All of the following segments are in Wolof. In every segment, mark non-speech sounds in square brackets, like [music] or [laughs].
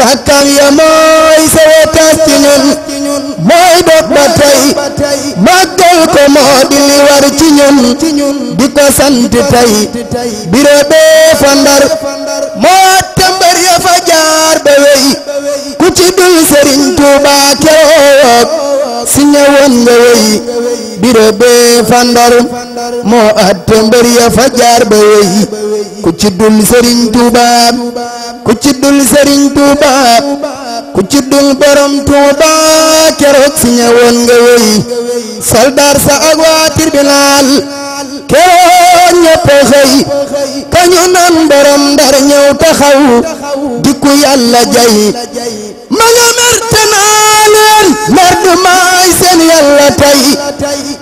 pàkkam ya mooy sa wetaas ci ñun mooy dox ba tey màggal ko moo di li ci ñun di ko sant tey biro bee fa ndar moo tëmbër ya fa jaar ba wey ku ci dul sëriñ Tuuba keroog si ñëwoon nga wey biro bee fa ndar moo àtte mbër ya fa jaar ba wey ku ci dul Serigne Touba ku ci dul Serigne Touba ku ci dul borom Touba keroog si ñëwoon nga wey soldar sa ak waa tribunal keroog ñëpp xëy ka naan borom Ndar ñëw taxaw di ku yàlla jay. naa leen mardu maay seen yàlla tey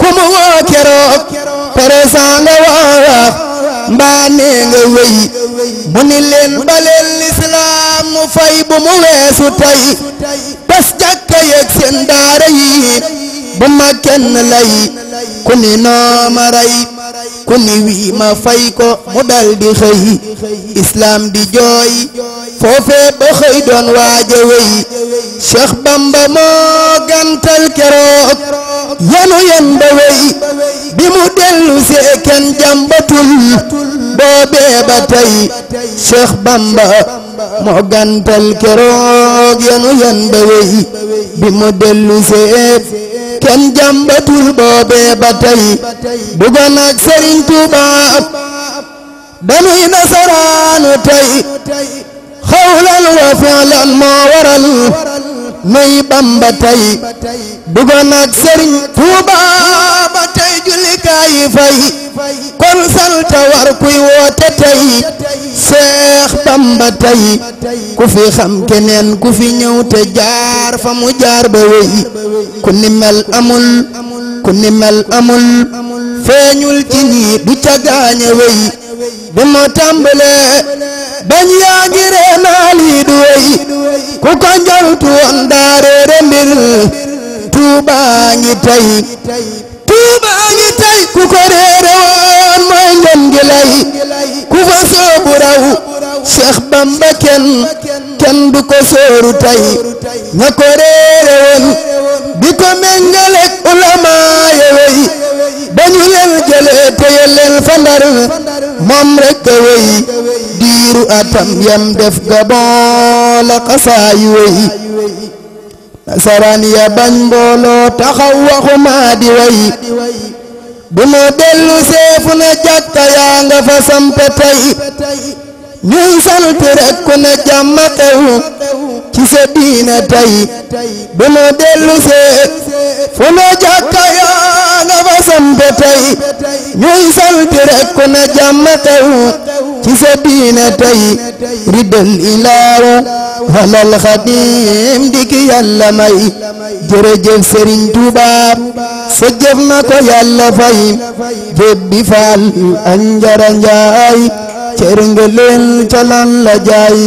ku mu woo keroog présent nga waawaax mbaa nee nga wéy mu ni leen baleel lislaam mu fay bu mu weesu tey tas jàkka yeeg seen daara yi bu ma kenn lay ku noo ma rey wii ma fay ko mu dal di xëy di jooy foofee ba xëy doon waaja wéy Cheikh Bamba moo gantal keroog yanu yan ba bi mu dellu see kenn jàmbatul boobee ba Bamba moo gantal keroog yanu yan ba bi mu dellu see kenn jàmbatul boobee ba tey bëggoon ak Serigne Touba dañuy nasaraanu tey xawlan wa fi'lan moo waral nuy bamba tey dugoon ak sëriñ Tuuba ba tey jullikaay yi fay kon salta war kuy woote tey seex bamba tey ku fi xam keneen ku fi ñëw te jaar fa mu jaar ba wéy ku ni amul ku ni amul feeñul ci ñi du ca gaañe wéy bi mu tàmbalee bañ yaa ngi reenaal yi wey ku ko njortu woon daa réere mbir tuubaa ngi tey tuubaa ngi tey ku ko réere woon mooy ngëm gi lay ku fa soobu raw Cheikh Bamba kenn kenn du ko sóoru tey ña ko réere woon di ko méngaleeg ulama wey dañu leen jëlee te yelleen fa ndar moom rek a wey diiru atam yam def gabon la seefu na jàkka yaa nga fa sampe tey ñuy sant rek ku ne jàmm xew ci sa diina tey bu dellu see fu nu jàkka yaa fa sampe tey ñuy sant ku ne jàmm xew ci sa diina tey riddal ilaaru halal xadim di ki yàlla may jërëjëf sëriñ Tuuba sa jëf na ko yàlla fay jébbi faal anjara njaay चेरंगलेल चलन लजाई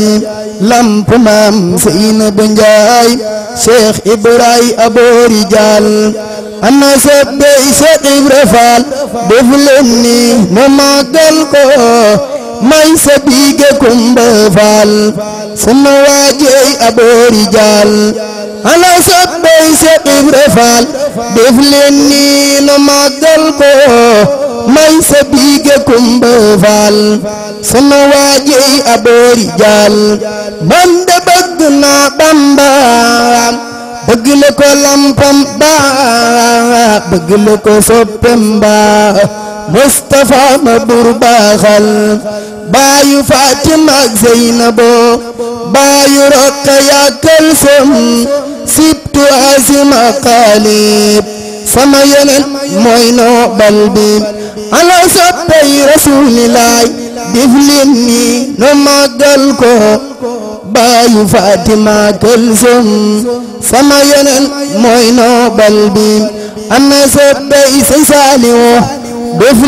लंप माम सीन बंजाई शेख इब्राई अबोरी जाल अन्ना सब्दे इसे इब्रफाल बुफलनी मुमाकल को मैं सभी के कुंभवाल सुनवाजे अबोरी जाल अन्ना सब्दे इसे इब्रफाल बुफलनी मुमाकल को may sa biige kumba faal sama waajey aboori jaal man de bagna Bamba bagle la ko lampam ba bagle ko soppem ba Mustafa mabur bur baaxal baayu Fatima ak bayu rokaya Roqaya Kalsum sibtu Asima Qalib sama yeneen moy no balbi ala soppey rasulilaay def leen ni baayu Fatima Këlsum sama yonen mooy noobal bi am na soppey sëñ Saaliwu def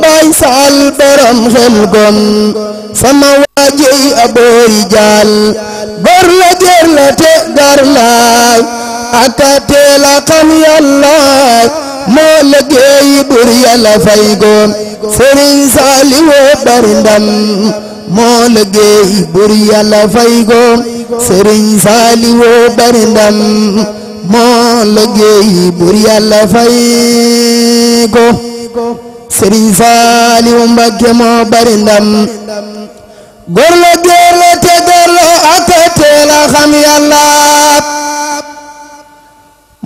baay Saal borom xel sama waajey aboori jaal gor la jër la te gar laay anta teel a xam yàlla moo liggéey bur yàlla fay ko sëriñ Saliou bari ndam moo liggéey bur yàlla fay ko sëriñ Saliou bari ndam moo liggéey bur yàlla fay ko sëriñ Saliou Mbacké moo bari ndam góor la góor la te góor la anta teel a xam yàlla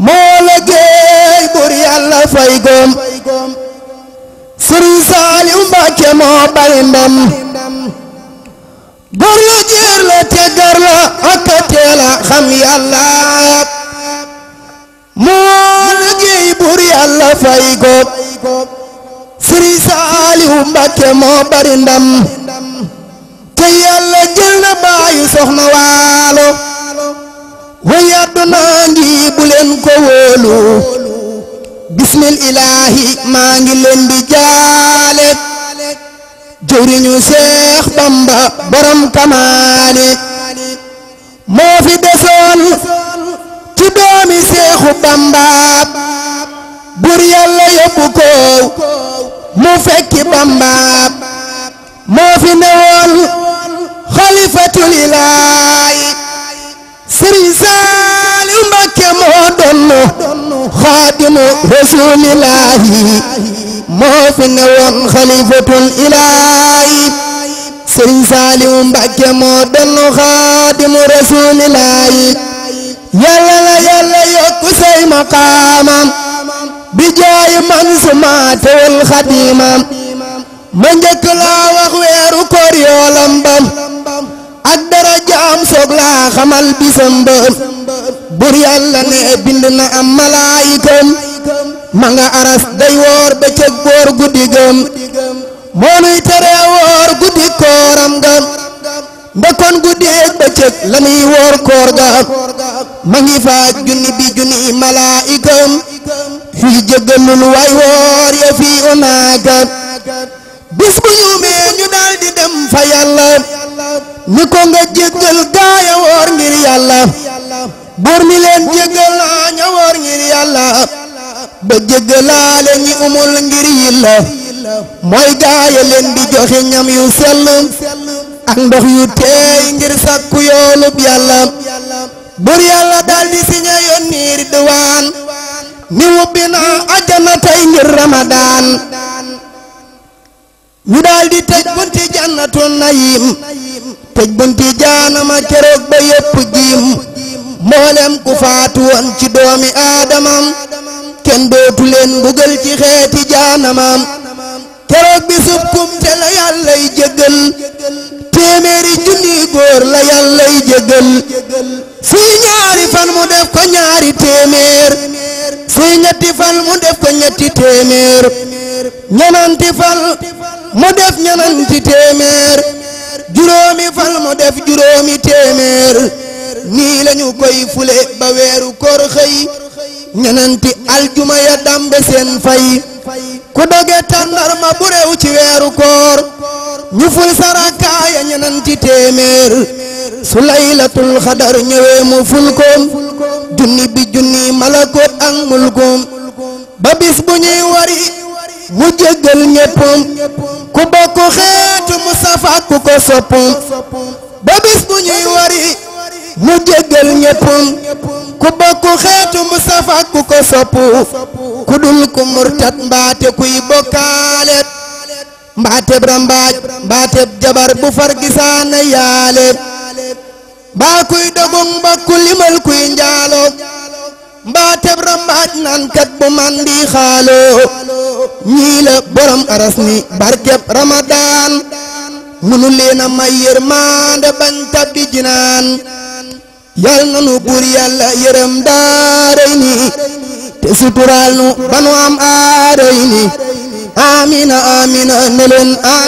moo la géey bur yàlla fay góom sëriñ Saaliw Mbàkke moo bari ndam góor la géer la la ak a teel a xam moo la géey bur yàlla fay góom sëriñ Saaliw Mbàkke moo bari ndam te yàlla jël na baayu soxna waalo ويادنا بسم الله ما نجلن بجالك جورينيو سيخ بامبا برم كمالك موفي دسون تدومي سيخ بامبا بوريال يبوكو موفكي بامبا موفي نوال خليفة الإلهي فرزال امك مودن خادم رسول الله موفن وان خليفه الاله فرزال امك مودن خادم رسول الله يلا يلا يكسي مقام بجاي من سمات والخديم من جكلا وخير كريو لمبا dem soog laa xamal bisam bur yàlla ne bind na am malaayikam ma nga aras day woor bëccëg boor guddigam moo nuy tere woor guddi kooram ga ndekkoon guddeeg bëccëg la nuy woor koor ga ma ngi faaj junni bi junni malaayikam fii jëggalul waay woor ya fii onaaga bis bu ñu ñu daal dem fa yàlla ni ko nga jéggal gaaya woor ngir yàlla buur mi leen jéggal naa ña woor ngir yàlla ba jéggalaale ñi umul ngir yilla mooy gaaya leen di joxe ñam yu sell ak ndox yu teey ngir sàkku yoolub yàlla buur yàlla daldi siñe yoon niir diwaan ni wubbi naa ajjana tey ngir ramadaan ñu daldi tëj bunti jannatu nayim tëj bunti jaanama keroog ba yépp jiim mboolem ku faatu woon ci doomi aadamam kenn dootu leen ci xeeti jaanamam keroog bi sub kumte la yàllay jëggal téeméeri junni góor la yàllay jëggal fii ñaari fan mu def ko ñaari téeméer fii ñetti fan mu def ko ñetti téeméer ñenanti fan mu def ñenanti téeméer juróomi fal mu def juróomi téeméer nii lañu koy fule ba weeru koor xëy ñenanti aljuma ya dambe seen fay ku doge tàndarma bu ci weeru koor ñu ful saraka ya téeméer su laylatul xadar ñëwee mu ful koom junni bi junni malakoot ak mulkoom ba bis bu ñuy wari mu jéggal ñéppam ku bokk xeetu Mustafa ku ko soppam ba bis bu ñuy wari mu jéggal ñéppam ku bokk xeetu Mustafa ku ko sopp ku dul ku murtat mbaate kuy bokkaale mbaateb rambaaj mbaateb jabar bu far gisaana yaale baa kuy dogong ba limal kuy njaalo mbaateb rambaaj naan kat bu man di xaaloo ñii borom aras ni barkeb ramadaan munu leen a may yërmaande bañ tabbi jinaan yal na buur yàlla yërëm daaray te suturaal nu ba am aaray ni amina amina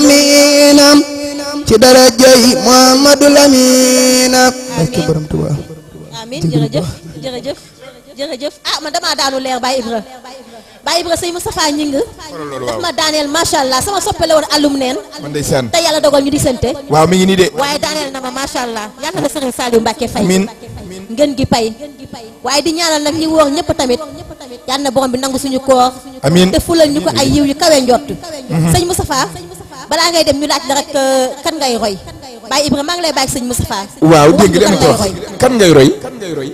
ne ci darajay Muhammadul Amina barke jerejeuf ah man dama daanu leer Baye Ibra Baye Ibra sëñ Moustapha Ñing daf ma daniel machallah sama soppe won woon alum neen man ndeysaan te yalla dogal ñu di sante waaw mi ngi ni de waye daniel nama machallah yalla na Serigne salih Mbacke fay min ngeen gi pay waye di ñaanal nak ñi woor ñepp tamit yalla borom bi nangu suñu koor amin te fulal ñuko ay yiw yu kawé njott mhm. sëñ Moustapha bala ngay dem ñu laaj la rek euh, kan ngay roy Baye Ibra maa ngi lay bàyyi sëñ Moustapha waaw dégg nga kan, kan ngay roy kan ngay roy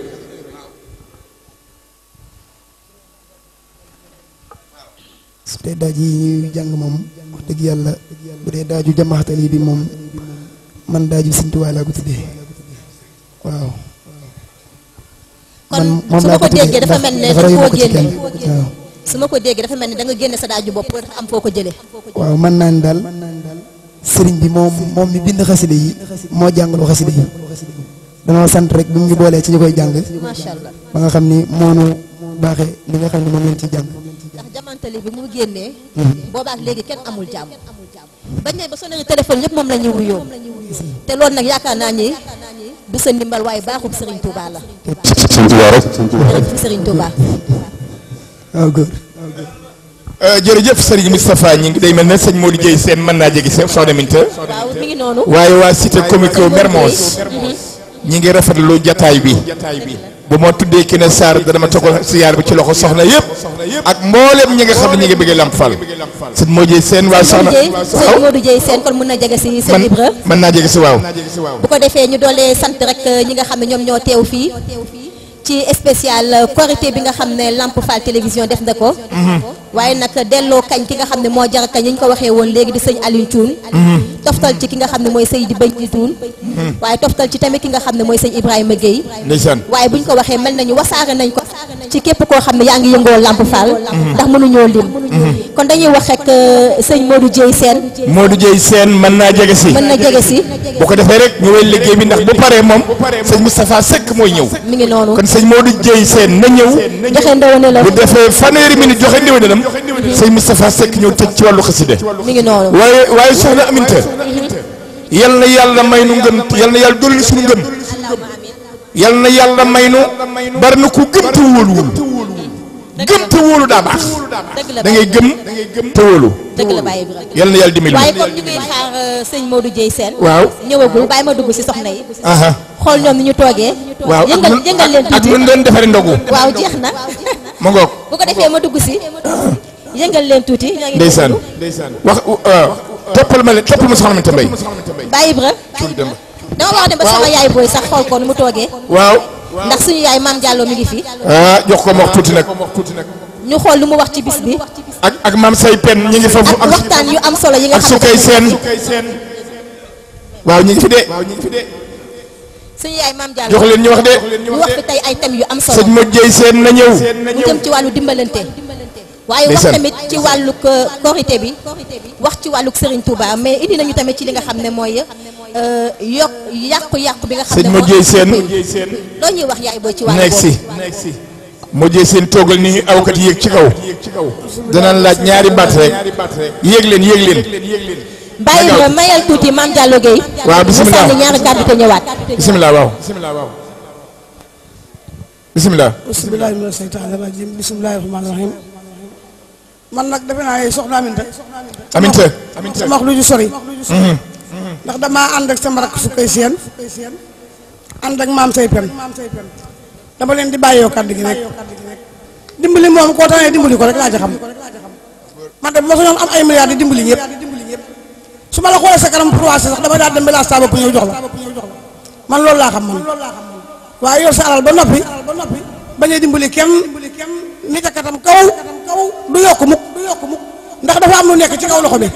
su dee daaj yi ñuy jàng moom wax dëgg yàlla bu dee daaju jamaxtali bi moom man daaju Sëñ Tuubaa laa ko tuddee waaw. kon su ma ko déggee dafa mel ne da koo génne waaw. su ma ko déggee dafa mel da nga génne sa daaju bopp pour am foo ko jëlee. waaw mën naa ni daal sëriñ bi moom moom mi bind xasida yi moo jàngalu xasida yi danoo sant rek bi mu ngi boolee ci ñu koy jàng. ba nga xam ni moonu baaxee li nga xam ni moom lañ ci jàng. ndax jamantali bi mu génnee mm-hmm. boobaak léegi kenn amul jàmm bañ ne ba sonné téléphone yëpp moom la ñuy wuyoo te loolu nag yaakaar naa ni du sa ndimbal waaye baaxub Serigne Touba la Serigne Touba sëriñ Serigne Touba waaw góor euh, ngi day mel ne sëñ Modou Dieye seen mën naa jegi seen soo deminta waaw mi ngi waaye waa cité comico Mermoz mm-hmm. ñi ngi rafetlu jataay bi bu ma tuddee Kine Sarr dana ma togal siyaar bi ci loxo soxna yëpp ak mboolem ñi nga xamni ne ñi ngi bëgg Lamp Fall sëñ Modou sen wa soxna sëñ Modou Dieye sen kon mëna na ci si sëñ Ibra mën naa jege si bu ko défé ñu dolé sante rek euh, ñi nga xamni ne ñoo téw fi ci spécial qualité euh, bi nga xamné ne Lamp télévision def ndako mhm. waaye nag delloo kañ ki nga xam ne moo jar kañ ñu ko waxee woon léegi di sëñ Alioune Thioune mhm. toftal ci ki nga xam ne mooy Seydi Badji Thioune mhm. waaye toftal ci tamit ki nga xam ne mooy sëñ Ibrahima Guèye ndeysaan waaye buñ ko waxee mel nañu wasaare nañ ko ci képp koo xam ne yaa ngi yëngoo Lamp Fall mhm. ndax mënuñoo lim kon dañuy wax rek euh, sëñ Modou Dieye Sène Modou Dieye Sène mën naa jege si mën na jege si bu ko defee rek ñu wéy liggéey bi ndax bu paree moom sëñ Moustapha Seck mooy ñëw mi ngi noonu kon sëñ Modou Dieye Sène na ñëw joxe ndewenal bu defee fanweeri minute sëñ Moustapha Seck ñëw tëj ci wàllu xaside mi ngi noonu waaye waaye soxna Aminta yal na yàlla may ngëm yal na yàlla dolli suñu ngëm yal na yàlla may nu bari na ku gëm te wóoluwul gëm te wóolu daa baax da ngay gëm te wóolu dëgg la Baye Ibrahima yal na yàlla dimbali waaye comme ñu ngi xaar euh, sëñ Modou Dieye Sène waaw ñëwagul bàyyi ma dugg si soxna yi xool ñoom ni ñu toogee waaw yëngal yëngal leen tuuti ak ñu doon defaree ndogu waaw jeex na ma ngoog bu ko defee ma dugg si yëngal leen tuuti. ndeysaan wax euh, toppal ma leen toppal ma soxna Aminata Mbaye. Baye Ibra. dama wax ne ba sama yaay booy sax xool ko nu mu toogee. waaw. ndax suñu yaay maam Diallo mi ngi fi. Ah, jox ko ma wax tuuti nag. ñu xool lu mu wax ci bis bi. ak ak maam say pen ñu ngi fa. ak waxtaan yu am solo yi nga xam ne ak su kay seen. waaw ñu ngi fi de. suñu yaay maam Diallo jox leen ñu wax de. ñu wax fi tey ay thèmes yu am solo. sëñ Modou Dieye seen na ñëw. mu jëm ci wàllu dimbalante. waaye wax tamit ci wàllu euh, korité bi wax ci wàllu Serigne Touba mais indi nañu tamit ci li nga xam ne mooy euh, yokk yàqu-yàqu bi nga xam ne mooy. sëñ Modou Dieye seen loo ñuy wax yaay booy ci wàllu boobu nekk si Modou Dieye seen toogal ni awkat yéeg ci kaw. danaan laaj ñaari baat rek yéeg leen yéeg leen. bàyyi ma mayal tuuti maam Diallo Gueye. waaw bisimilah mu sànni ñaari kàddu te ñëwaat. bisimilah waaw. bisimilah. bisimilah mina seytaani rajim bisimilah rahmaani rahim. man nag defe naa ne soxna Aminte. Aminte sama wax lu ñu sori. ndax damaa ànd ak sama rakk su koy seen. ak maam say pen. dama leen di bàyyoo kàddu gi rek. dimbali moom koo dimbali ko rek xam. man am ay milliards dimbali su ma la xoolee sa kanam pour waase sax damay daal dem ba laas taaba ku ñëw jox la man loolu laa xam man waaye yor sa alal ba noppi bañ a dimbali kenn ni ca katam kaw du yokk mukk ndax dafa am lu nekk ci kaw loxo bi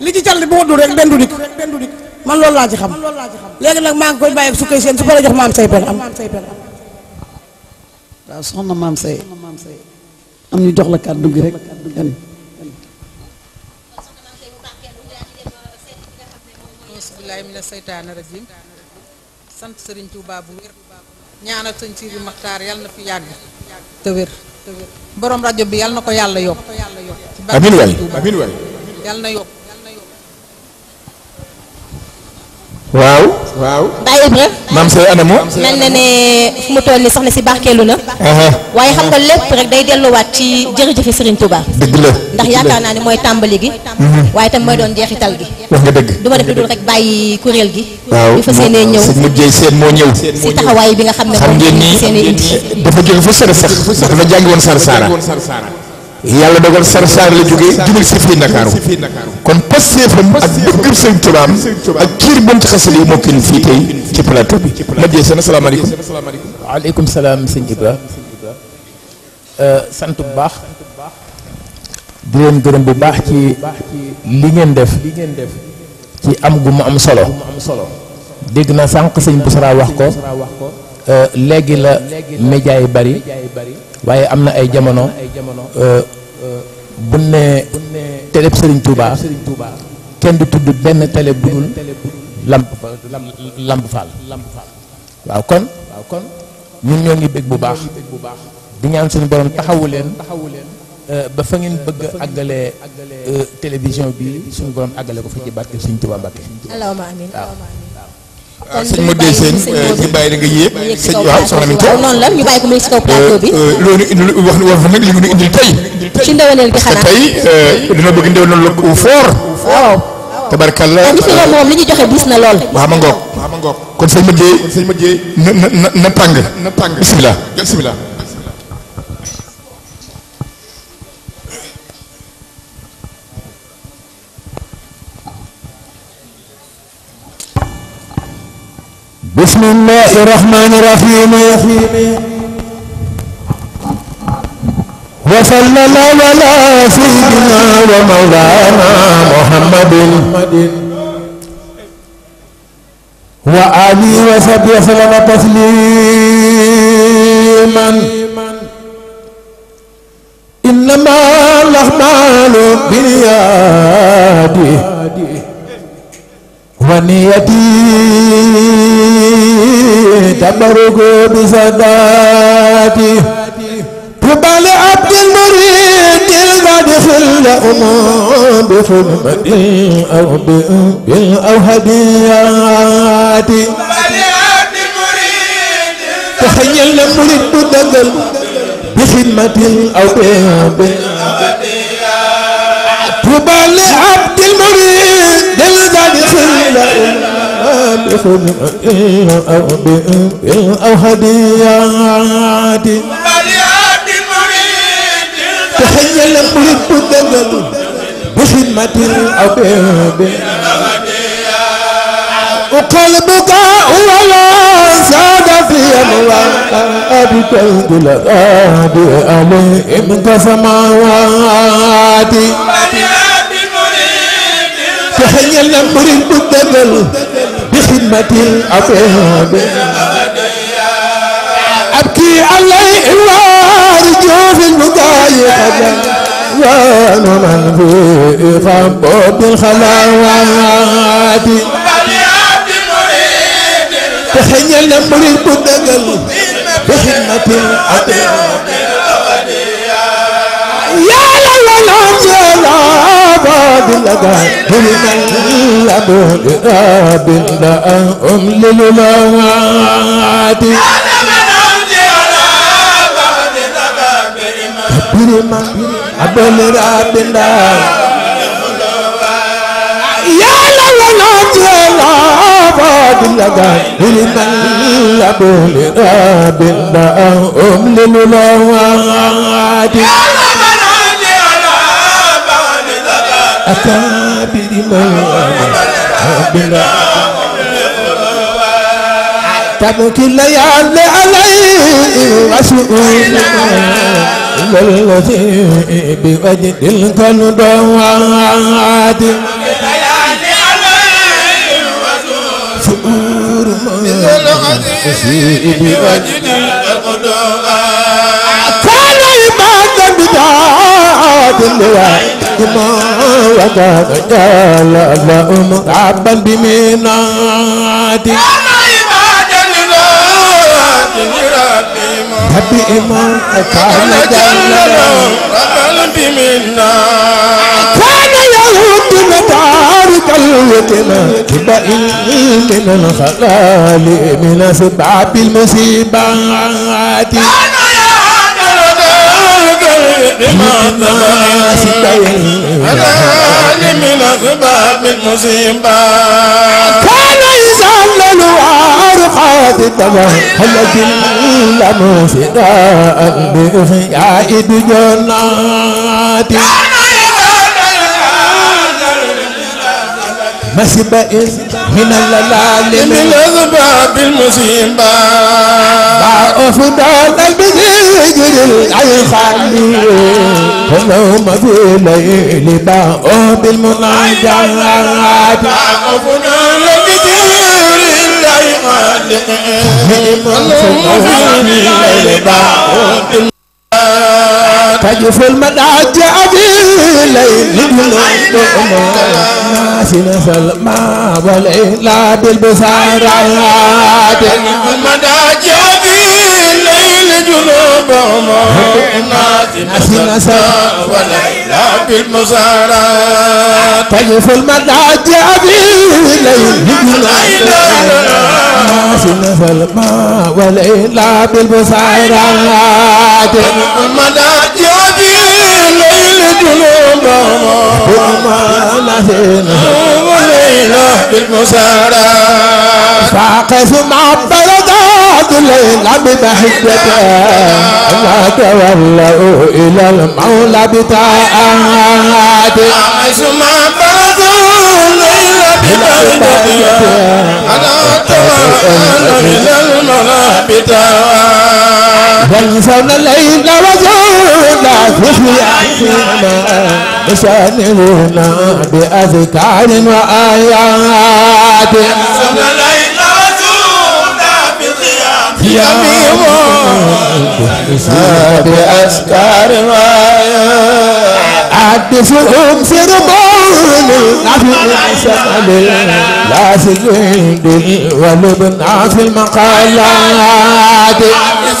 li ci calli bu wëddul rek benn du dikk man loolu laa ci xam léegi nag maa ngi koy bàyyi su koy seen su ko la jox maam say pen am waaw soxna maam say am ñu jox la kàddu gi rek. billahi mina seytaani rajim sant sëriñ Touba bu wér ñaanal sëñ Sidi Maxtaar yàlla na fi yàgg te wér borom rajo bi yàlla na ko yàlla yokk amiin waay amiin waay yàlla na yokk waaw. waaw Baye Ibra. maam Seye Adamu. mel na ne fu mu toll nii soxna si barkeelu na. waaye xam nga lépp rek day delluwaat ci jërëjëf Serigne Touba. dëgg la ndax yaakaar naa ne mooy tàmbali gi. Mhm. waaye itam mooy doon jeexital gi. wax nga dëgg du ma def lu dul rek bàyyi kuréel gi. waaw ñu fas yéenee ñëw si mujjee seen moo ñëw. si taxawaay bi nga xam ne moom la ñu fas yéenee indi. dafa jóge fu sori sax dafa jàngi woon Sarsara. yàlla dogal sarsaar la jógee jubal si fii Ndakaaru kon pasteefam ak bëggam sëñ tubaam ak kiir bunt xasal yi mokkin fii tey ci plateau bi ma jee seen asalaamaaleykum waaleykum salaam sëñ Ibra euh, sant bu baax di leen bu baax ci li ngeen def ci am gu mu am solo dégg na sànq sëñ Boussara wax ko euh, léegi la média yi bari waaye am na ay jamono euh, bu ne teleb Serigne Touba kenn du tudd benn télé bu dul lamp lamp faal waaw kon ñun ñoo ngi bég bu baax di ñaan suñu borom taxawu leen euh, ba fa ngeen bëgg àggale euh, télévision bi suñu borom àggale ko fa ci barke Serigne Touba Mbacké allahumma waaw sëñ Modou Dieye Sène eh, ñu bàyyi la nga yéeg sëñ waaw soxna mi noonu la ñu eh, eh, wax war fa nag li ñu indil tey ci ndeweneel bi xanaa tey dina bëgg ndeweneel lu foor waaw tabarkalla ñu fi moom li ñu joxe diis na lool waaw ma ngoog kon sëñ Modou Dieye na na na tàng na tàng bismillah بسم الله الرحمن الرحيم وصلى الله على سيدنا ومولانا محمد وآله وصحبه وسلم تسليما إنما الأعمال باليد ونيتي تمرق بزكاتي طوبى عبد المريد الغد في الأمم بحمد أو بالأوهديات تخيل المريد بدل بخدمة أو بالأوهديات طوبى عبد المريد الغد في يخرج أو أو هديات مليات المريد تحية المريد بالدلل بخدمة الأبيض وقال بقاء ولا زاد في أبي كنت لغادي عليهم كسماواتي تحية المريد بالدلل خدمة الأفهام أبكي عليه وارجو في المضايقة وأنا من في فبوب الخلاوات تخيل نمر البدقل بخدمة الأفهام يا لا لا لا العقاد الأقاد من الأبود راب لأهم للولاد برما أبل راب يا لا لا لا يا لا بعد الأقاد من الأبود راب لأهم للولاد يا لا أكابر مولانا ربنا تبكي الليالي عليه مسؤول للذي بوجد القلب وعادي شعور ما في بوجد القلب كان عبادا بدعاء الوعي ما وقد قال اللهم عبا بمنادي حبي إيمان كان جل ربنا بمنا كان يهودنا تارك الوتنا كبائل من الخلال من سبعة المصيبات المصيبة مسبا من اللال من الأسباب المسيبة باع فضال البذيجر العيخالي اللهم في الليل باع بالمناجات باع فضال البذيجر العيخالي اللهم في الليل باع بالمناجات تجف المدعج أبي ليل ناس سلمى والإلا بالبصارات المدعج أبي ليل جنوبهم ناس سلمى والإلا بالبصارات تجف المدعج أبي ليل سلمى المدعج جنوبهم وما الذين وليله بالمسارى فاقف مع البلدات الليل بمحجته لا تولوا الى المولى بطاعات فاقف مع البلدات الليل بمحجته لا تولوا الى المولى بطاعات فانسان الليل وزولا في عيننا بشانهنا بأذكار وآيات فانسان الليل وزولا في قيامنا بأذكار وآيات حدث أمسر بولي نفي لا سجندي ولبنا في المقالات حدث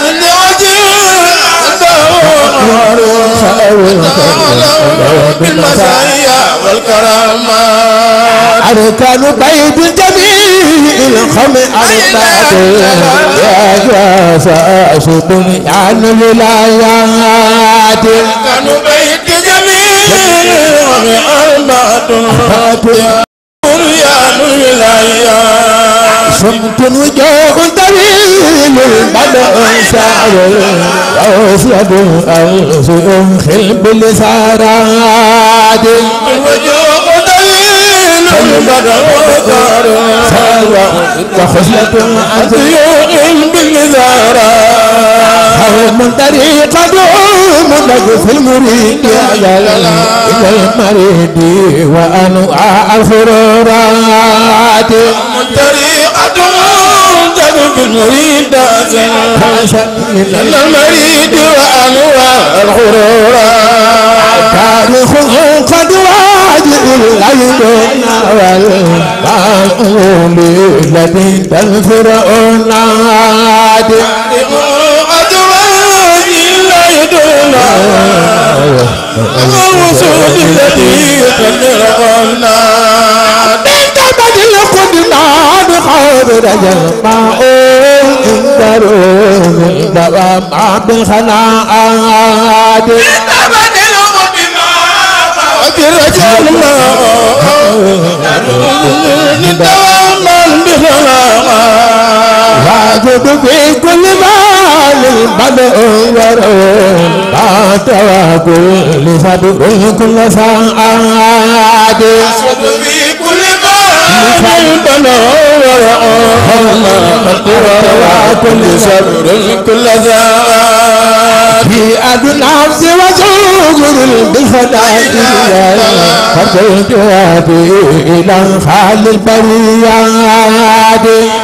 أركان بيت جميل خمع أرباب يا جاس أشق عن ولايات أركان بيت الجميل خمع أرباب يا ولايات خمت وجوه دليل بدء سعر أسود أوسهم خلب لسعراد وجوه دليل بدء سعر وخزلة عذيوء بالنزارات من طريق دوم نقف المريد على إلى المريد وأنواع الفرورات من طريق بن المريد وأنواع الغرور تاريخ قد واجئ العين والمعلوم الذي تنفرعون نادي قد واجئ العين الذي تنفرعون نادي بدل ما انتروا من دوام عبد الخناعات برجال الله من دوام البخلاء واجد في كل مال المدور بعد وكل صدر كل ساعات البنور الله القرى كل صبر كل ذا في أدنى عبد وزوجر بفداء فقلت وابي إلى انفعال البريات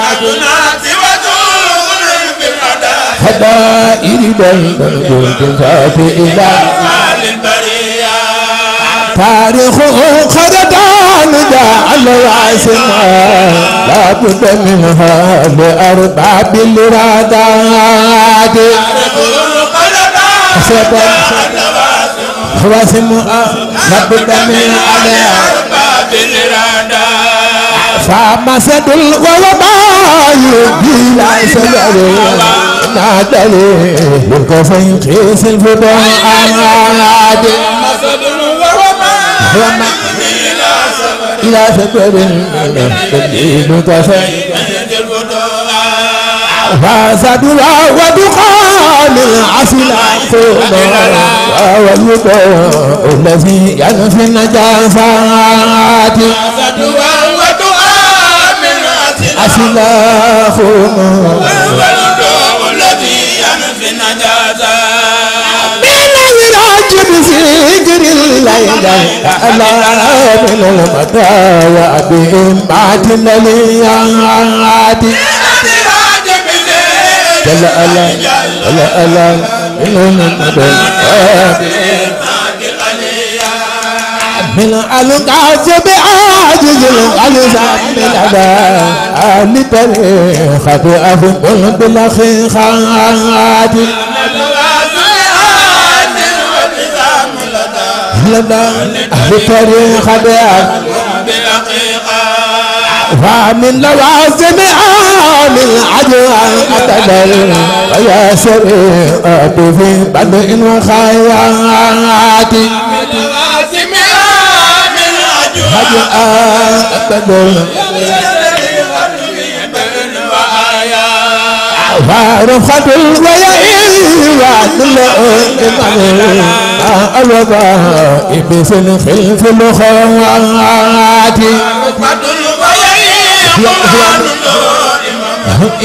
أدنى عبد وزوجر بفداء فدائر بالبرد فابي إلى انفعال البريات تاريخه خرجت حمدا على العاصمة لا بد منها لأرباب الإرادات خواسم لا بد منها عليها أرباب فما سد الغرباء بلا سبب نادلي بالكفين قيس الفضاء عادي إلى سكر الدين فاسد لا ودخان العسل والوقوع الذي ينفي النجاسات فاسد ودخان العسل والوقوع يجري الليل ألا من المطايا بهم بعد الأليات جل ألا ألا ألا من المطايا من القاسب عاجز القلب من أبا لبريخة أفضل بالأخي خادم لنا بطريقة بيان فمن لوازم آل العجوان أتدل يا سريع في بدء وخيات من لوازم آل العجوان أتدل فارخة الويل وعدل أمي الوظائف سلخل في الخوات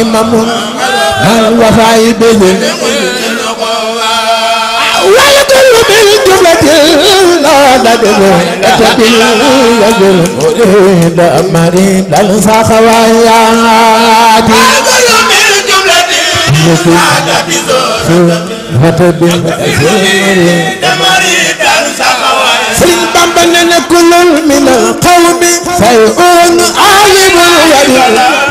إمام الوفاء بذل والكل بالجملة لا ندل أتبي يجل مريد مريد الفخوات والكل بالجملة لا ندل أتبي يجل مريد Sëriñ Bamba ne na kullun min al-qawmi shay'un alimul wali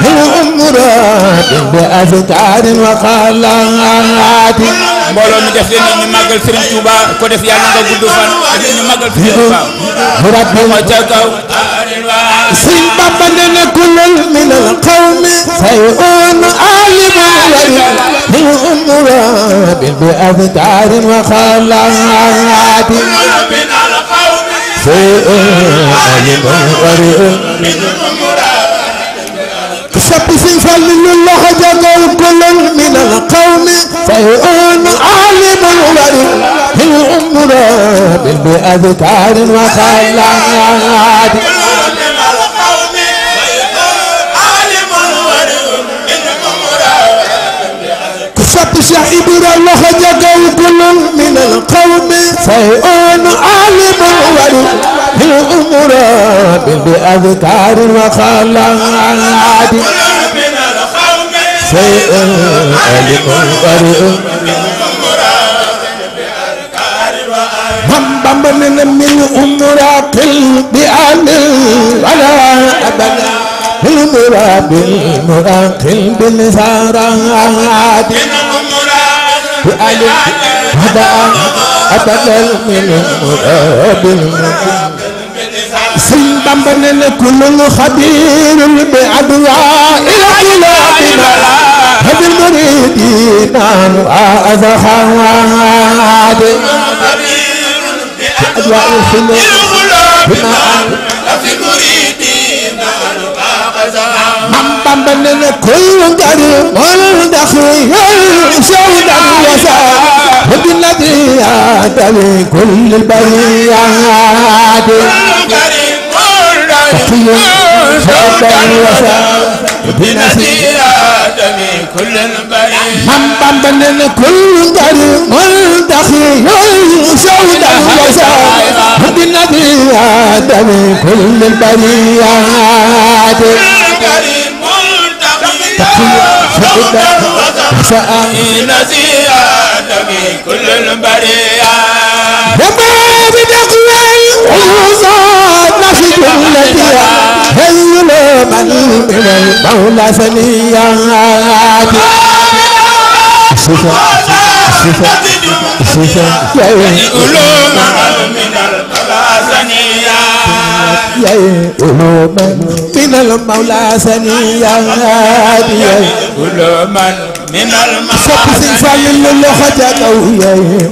minhum muradin bi azkarin wa qalati mbooloo mi def leen ñu màggal Sëriñ Tuuba ko def yàlla nga gudd fan ak ñu màggal Sëriñ Tuuba murabbuma ca kaw Sëriñ Bamba ne na kullun min al-qawmi shay'un alimul wali minhum muradin bi azkarin wa qalati سب سنفل لله جمال كل من القوم فيؤن عالم الورد الأمر بأذكار وخلاعات سب شعيب الله جمال كل من القوم فيؤن عالم الأول بالأمور بأذكار وخلاعات شيء لمنكر بمبم من من أمور بالبعامل ولا أبدا بالمرا بالمرا بالمزارات بألف هدى أبدا من مراد سن بامبن كل خبير بأدواء العلاج هب المريدين وأذخاد أدواء الخلق بما أن في المريدين وأذخاد bamba ne ne kullu dari wal dakhil shawdan wasa bi nadriya dali kulli bariyat شوقا وسابنا كل البريد من بمبن كل قريب ملتخي شوقا وسابنا بنبي آدم كل البريات سأمين زيادة من كل البرية وما بتقوى الوزارة في جملتي هيل من من المولى سنيا شفاء شفاء شفاء يا من يا كل من المولى سني يا هادي كل من من المولى سني يا هادي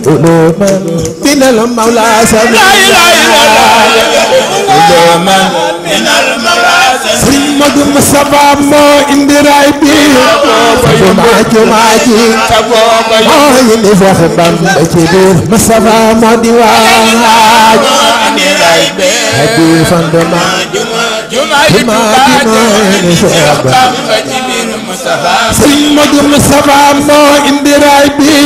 كل من من المولى سني يا هادي كل من من المولى سني Modou Moustapha moo indi raay bi jumaa jumaa ji moo indi Seex Bamba ci biir Moustapha moo di waaj addi fan dama dima dima ne soba sëñ Modou Moustapha moo indi raay bi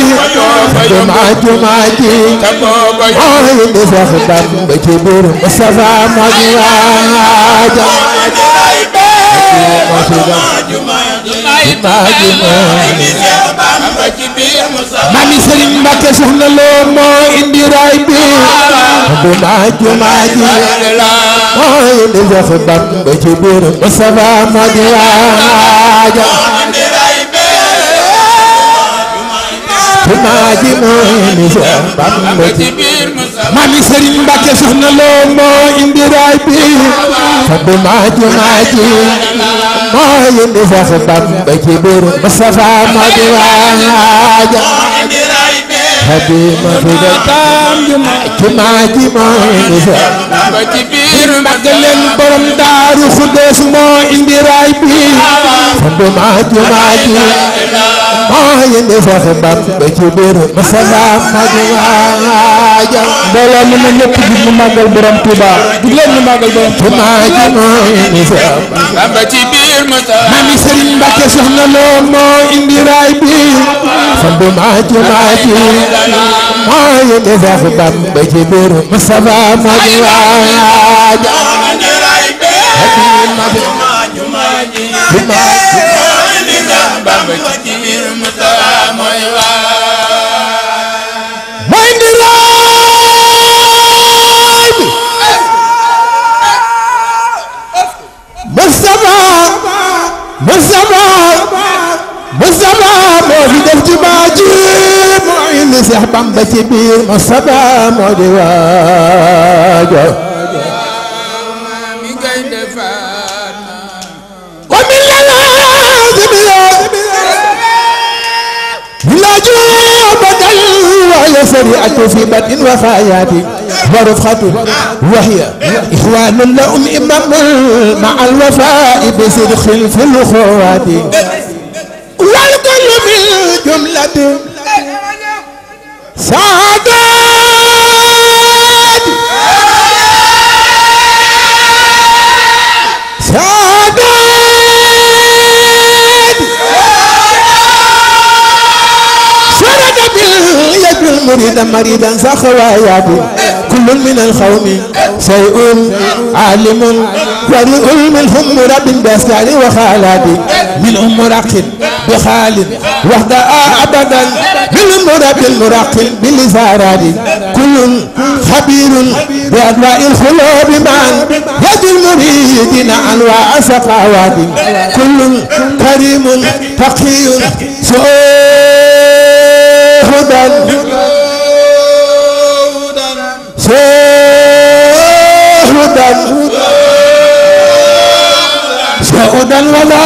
dama dima ji moo indi sax Bamba ci biir Moustapha moo di waaja dima dima dima dima mami Serigne Mbacke soxna loo indi raay bi duma jumaa ji mooy indi sax Bamba ci biir Mustafa moo di waaja tunaaji noonu Seex Bamba ci biir mami Sëriñ Mbàkke soxna loo moo indi raay bi fadu maaji maaji moo indi Seex Bamba ci biir Mustafa moo di waaja Xadima fi da taam ju maaji moo indi Seex Bamba ci biir Mbàkke leen borom daaru Xuddoos moo indi raay bi fadu maaji maaji maa yéene fexe baam ba ci biir masalaam majuwaaja mbooloo mi na ñëpp di ñu màggal borom Touba di leen ñu màggal borom Touba maa yéene fexe baam ba ci biir masalaam mami Serigne Mbacke soxna loo moo indi raay bi fan bu maa ci maa ci maa yéene fexe baam ba ci biir masalaam majuwaaja bamba ci biir Moustapha mooy waay mooy ndiraay bi Moustapha Moustapha Moustapha moo fi def ci baaji mooy li Seex Bamba ci biir Moustapha moo di waay عجوبة وهي سريعة في بدء وخيات ورفقة وهي إخوان لهم إمام مع الوفاء بصدق في الأخوات والكل بالجملة سعادة سخوا يا ابو كل من الخوم شيء عالم ورئ منهم مرب بأسكار وخالد منهم مراقب بخالد وحدا أبدا منهم مرب المراقب بالزاراد كل خبير بأدواء الخلوب معا يد المريدين نعم أنواع سقاوات كل كريم تقي سؤال هدى سهدا سهدا ولا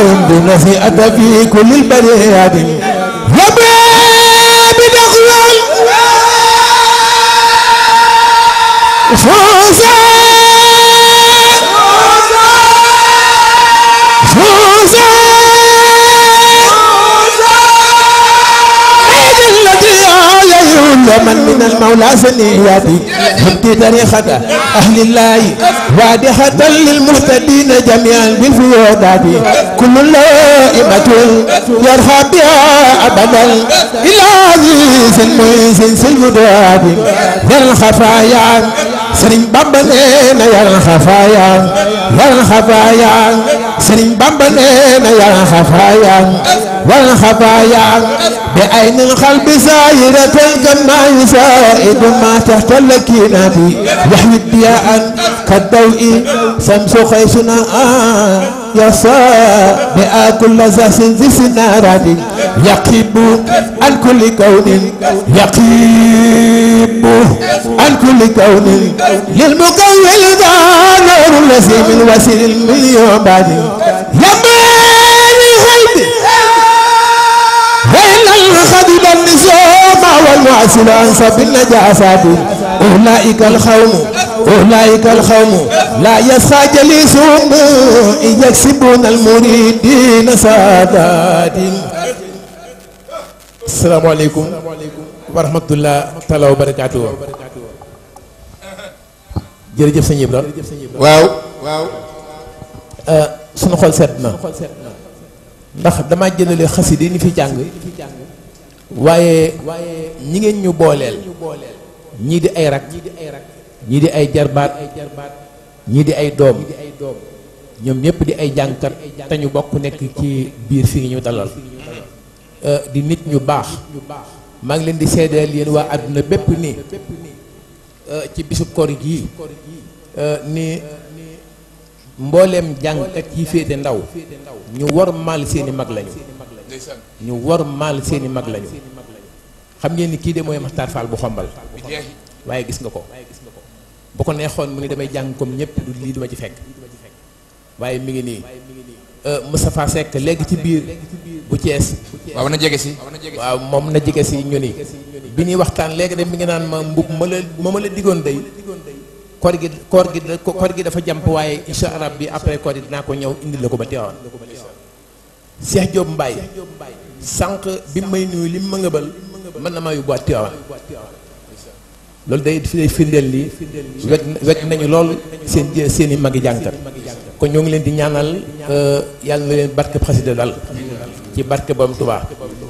يمضون في أدبي كل البلاد وما بدخل من من المولى سنياتي همتي تاريخة أهل الله وادحة للمهتدين جميعا بالفيودات كل لائمة يرحى بها أبدا إلى عزيز المحسن سيدات ذا الخفايا سرين بابنين نينا يا الخفايا يا الخفايا سرين بابنين نينا يا الخفايا والخفايا بعين القلب زايرة الجمع زائد ما تحت لك نبي يحيي الضياء كالضوء شمس قيسنا آه يسا بها كل زاس ذي سنارة يقيب عن كل كون يقيب عن كل كون للمكون ذا نور الذي من وسيل من يوم بعد يمر والمعسل أنسب النجاسات أولئك القوم أولئك القوم لا يسعى جليسهم إن يكسبون المريدين سادات السلام عليكم wa rahmatullah taala wa barakaatu jërëjëf sëñ Ibra waaw waaw suñu xol seet na ndax damaa jëndale xasida yi ni fi jàng waaye ñi ngeen ñu booleel ñii di ay rak ñii di ay jarbaat ñii di ay doom ñoom ñëpp di ay jànkat te ñu bokk nekk ci biir fii ñu dalal euh, di nit ñu baax maa ngi leen di seedeel yéen waa àdduna bépp nii euh, ci bisub koor yi euh, ni mbooleem jànkat yi féete ndaw ñu war maal seeni mag lañu ñu war maal seen i mag lañu xam ngeen ni kii de mooy Maxtaar Fall bu xombal waaye gis nga ko bu ko neexoon mu ngi damay jàng comme ñëpp du lii duma ci fekk waaye mi ngi nii euh, Moustapha Seck léegi ci biir bu Thiès waaw na jege si waaw moom na jege si ñu ni bi ñuy waxtaan léegi de mi ngi naan ma mbub ma la ma ma la diggoon day koor gi koor gi koor gi dafa jàmp waaye incha allah bi après koor gi dinaa ko ñëw indi la ko ba teewoon Cheikh Diop Mbaye sànq bi may nuyu li ma ngëbal mën na maa yóbbuwaat Tiwaawan loolu day day firndeel lii wekk wekk nañu lool seen seen i magi jàngat kon ñoo ngi leen di ñaanal euh, yàlla na leen barke xasida dal ci barke Borom Tuubaa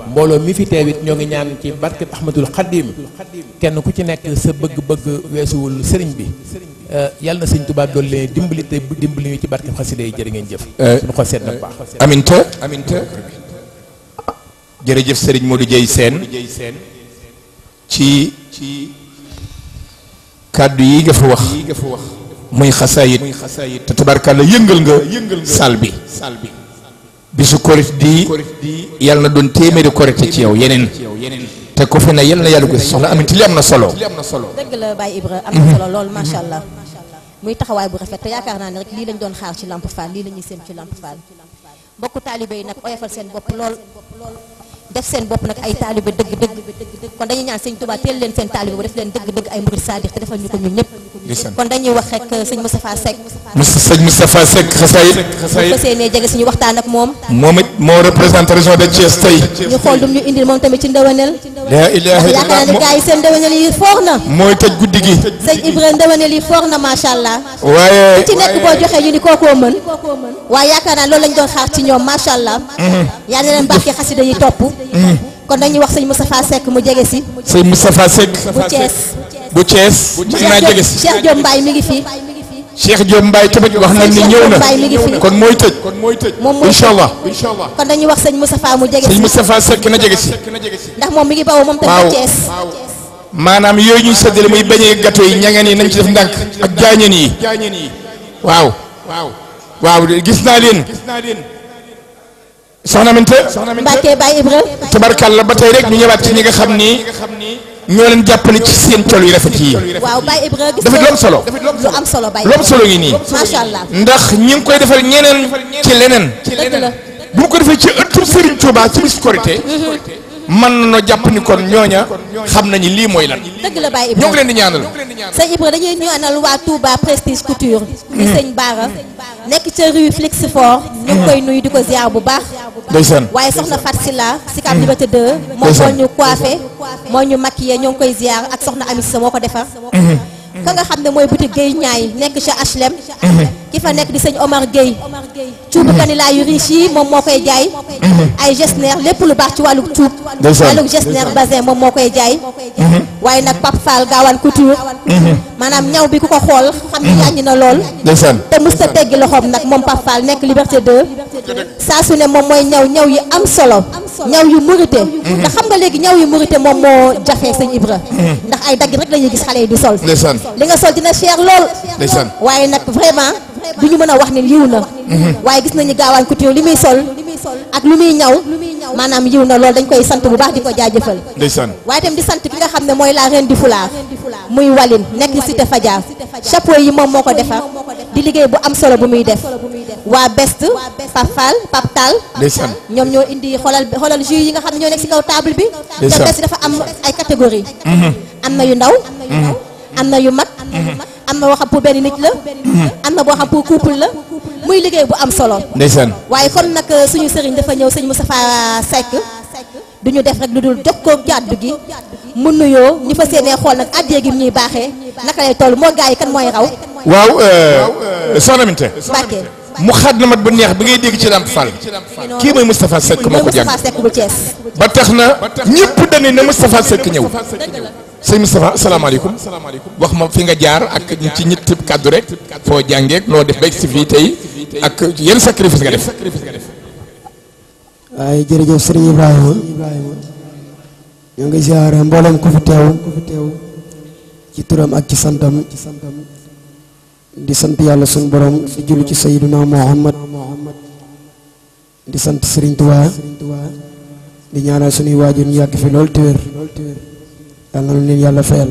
mbooloo mi fi teew it ñoo ngi ñaan ci barke Ahmadul Xadim kenn ku ci nekk sa bëgg-bëgg weesuwul sëriñ bi Eh, yàlla na sëñ Tuubaa doon leen dimbali te dimbali ñu ci barke xasida yi jërë ngeen jëf. Eh, suñu xol seet na baax. aminta aminta jërëjëf Serigne Modou Dieye seen ci ci kàddu yi nga fa wax muy xasaayit te tabarkàlla yëngal nga saal bi bi bisu korit di yàlla na doon téeméeri korite ci yow yeneen. te ku fi ne yal na yàlla gu soxna Amine ci li am na solo. dëgg la Baye Ibra am na solo lool macha allah. muy taxawaay bu rafet te yaakaar naa ne rek lii lañ doon xaar ci Lamp Fall lii la ñuy séen ci Lamp Fall mbokku taalibe yi nag oyofal seen bopp lool. def seen bopp nag ay taalibe dëgg dëgg kon dañuy ñaan sëñ Touba teel leen seen taalibe bu def leen dëgg dëgg ay murid sadiq te defal ñu ko kon dañuy wax rek sëñ Moustapha Seck sëñ Moustapha Seck xasaayit de Thiès tey ñu xool dum ñu la ilaha illallah yaakaar naa gars yi foor na mooy tëj guddi gi sëñ Ibrahima ndëwaneel yi foor na macha allah waaye ci nekk boo joxee ñu mhm. xasida yi topp Hmm. kon dañuy wax sëñ Moustapha Seck mu jege si. sëñ Moustapha Seck. bu Thiès. bu Thiès mën naa jege si. Cheikh Diop Mbaye mi ngi fi. Cheikh Diop Mbaye tamit wax nañ ni ñëw na kon mooy tëj. moom mooy incha allah. kon dañuy wax sëñ Moustapha mu jege si. sëñ Moustapha Seck na jege si. ndax moom mi ngi bawoo moom tamit bu Thiès. maanaam yooyu ñuy séddale muy bañee gâteau yi ñangeen yi nañ ci def ndànk ak jaañeen yi waaw. waaw gis naa leen. soxna Minte. Mbacke Baye Ibra. tubarkalla ba tey rek ñu ñëwaat ci ñi nga xam ni ñoo leen jàppale ci seen tool yu rafet yi. waaw Baye Ibra gis dafay lu am solo. lu am solo Baye lu solo ngi nii. macha allah ndax ñu ngi koy defal ñeneen ci leneen. dëgg la bu ko defee ci ëttu Serigne Touba ci bis Korité. Mhm. man mën nañoo jàpp ni kon ñooña xam na nañu lii mooy lan. dëgg la Baye Ibra ñoo ngi di ñaanal. sëñ Ibra dañuy ñu anal waa Touba Prestige Couture. di hmm. sëñ Baara. nekk ca rue Flexifort. ñu ngi koy hmm. nuyu di ko ziar bu baax. ndeysaan waaye soxna la Sylla. Sicap hmm. Liberté 2. moom moo ñu coiffé moo ñu maquillé ñoo ngi koy ziar ak soxna Ami sa moo ko defar. ka nga xam ne mooy boutique Guèye Ñaay nekk ca HLM. ki fa nekk di sëñ Omar Guèye. cuubu kanilaa yu riche yi moom moo koy jaay. ay gestionnaire lépp lu baax ci wàllu cuub. wàllu gestionnaire basin moom moo koy jaay. waaye nag Pape Fall gaawaan couture. maanaam ñaw bi ku ko xool xam ne yàññi na lool. te mës a teggi loxoom nag moom Pape Fall nekk Liberté 2. saa su ne moom mooy ñaw ñaw yi am solo. ñaw yu murite ndax xam nga léegi ñaw yu murite moom moo jafe sëñ Ibra ndax ay daggit rek la ñuy gis xale yi di sol li nga sol dina cher lool waaye nag vraiment du ñu mën a wax ne yiw na mhm. waaye gis nañu gaawaan couture li muy sol ak lu muy ñaw maanaam yiw na lool dañ koy sant bu baax di ko jaajëfal ndeysaan waaye itam di sant ki nga xam ne mooy la reine du foulard muy walin nekk cité Fadia chapeau yi moom moo ko defar di liggéey bu am solo bu muy def waa best Pape Fall Pape Tall ndeysaan ñoom ñoo indi xoolal xoolal jus yi nga xam ne ñoo nekk ci kaw table bi te best dafa am ay catégorie mhm. am na yu ndaw am na yu mag mhm. am na boo xam pour benn nit la am na boo xam pour couple la muy liggéey bu am solo ndeysaan waaye comme nag euh, suñu sëriñ dafa ñëw sëñ Moustapha Seck du ñu def rek lu dul jokkoo jàddu gi mu nuyoo ñu fa seenee xool nag àddee gi ñuy baaxee naka lay toll moo gaa yi kan mooy raw waaw euh, soxna Minte Mbàkke mu xaat na mat bu neex bi ngay dégg ci Lamp Fall kii mooy Moustapha Seck moo ko jàng ba tax na ñëpp dañu ne Moustapha Seck ñëw sëñ Moustapha asalaamaaleykum wax ma fi nga jaar ak ci ñett kàddu rek foo jàngee noo def beeg si fii tey ak yenn sacrifice nga def. waaye jërëjëf sëriñ Ibrahima ñoo ngi ziare mboolem ku fi teew ci turam ak ci santam. di sant yalla sun borom di julli ci sayyiduna muhammad di sant Serigne Touba di ñaanal suñuy wajur ñu yàgg fi lol teer yalla ñu leen yalla fayal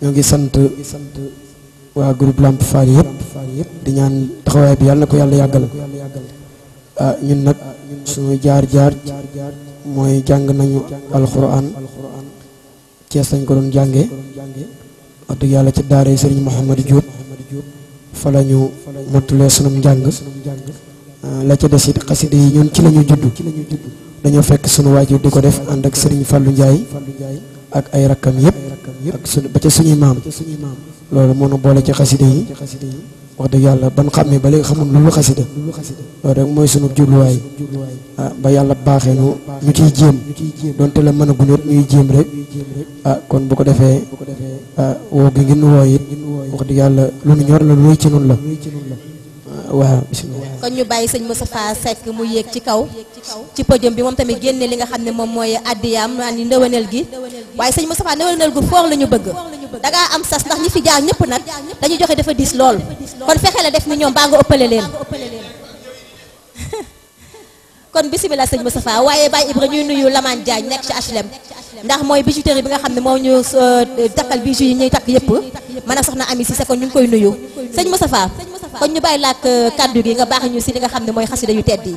ñu ngi sant wa groupe Lamp far yeb di ñaan taxaway bi yalla na ko yàlla yàggal ah, ñun nak suñu jaar jaar moy jang nañu alquran ci sañ ko doon jangé wax yalla ci daara Serigne mohammed Diop fa la ñu mottalee sunum njàng ah, la ca des it xasida yi ñun ci la ñu juddu dañoo fekk sunu waajur di ko def ànd ak Serigne Fallou Ndiaye ak ay rakkam yëpp ak sunu ba ca suñuy maam loolu moo nu boole ci xasida yi. wax dëgg yàlla ban xàmmee ba léegi xamul lu lu xasida loolu rek mooy sunu jubluwaay ah ba yàlla baaxee nu ñu ciy jéem donte la mën a gunéet ñuy jéem rek ah kon bu ko defee ah woo gi ngeen woo it wax dëgg yàlla lu nu ñor la luy ci nun la ah, waaw bisimilah kon ñu bàyyi sëñ Moustapha Seck mu yéeg ci kaw ci podium bi moom tamit génne li nga xam ne moom mooy addiyaam naan ni ndëwënal gi waaye gu foor la bëgg da ngaa am sas ndax ñi fi jaar ñëpp nag dañu joxe dafa diis lool kon fexe la def ni ñoom baa nga ëppale leen [laughs] kon bisimilah sëñ Moustapha waaye Baye Ibra ñuy nuyu Lamane Diagne nekk ci HLM ndax mooy bijouterie bi nga xam ne moo ñu euh, takkal bijoux yi ñuy takk yëpp man a soxna Ami Cissé kon ñu ngi koy nuyu sëñ Moustapha kon ñu bàyyi laak euh, kaddu gi nga baax ñu si li nga xam ne mooy xasida yu tedd yi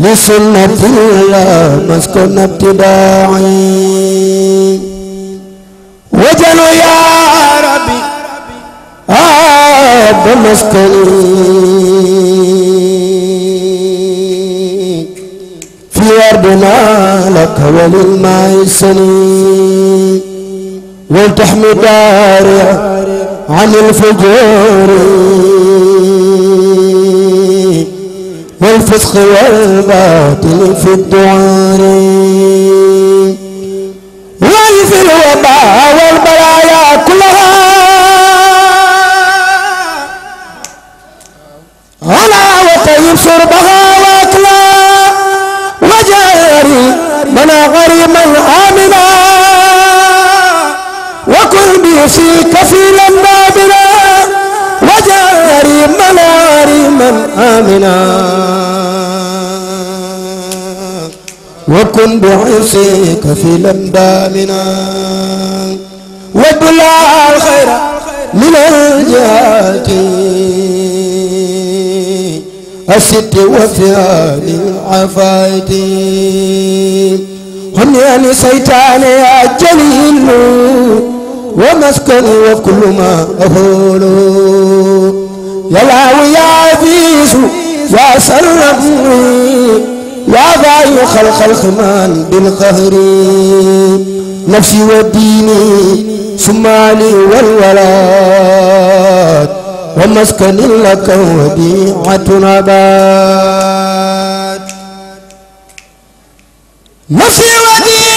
لسنة الله مسكن ابتداعي وجلو يا ربي آب مسكني في أرضنا لك وللماء السني ولتحمي داري عن الفجور والفسخ والباطل في الدعارين نفسك في لمدامنا ودلع الخير من الجهات الست وفيها العفايت عفايتي هني أن سيطان يا جليل ومسكن وكل ما أقول يا لاوي يا عزيز يا سرمي يا باي خلق الخمان بالقهر نفسي وديني ثم علي والولاد ومسكن لك وديعة نبات نفسي وديني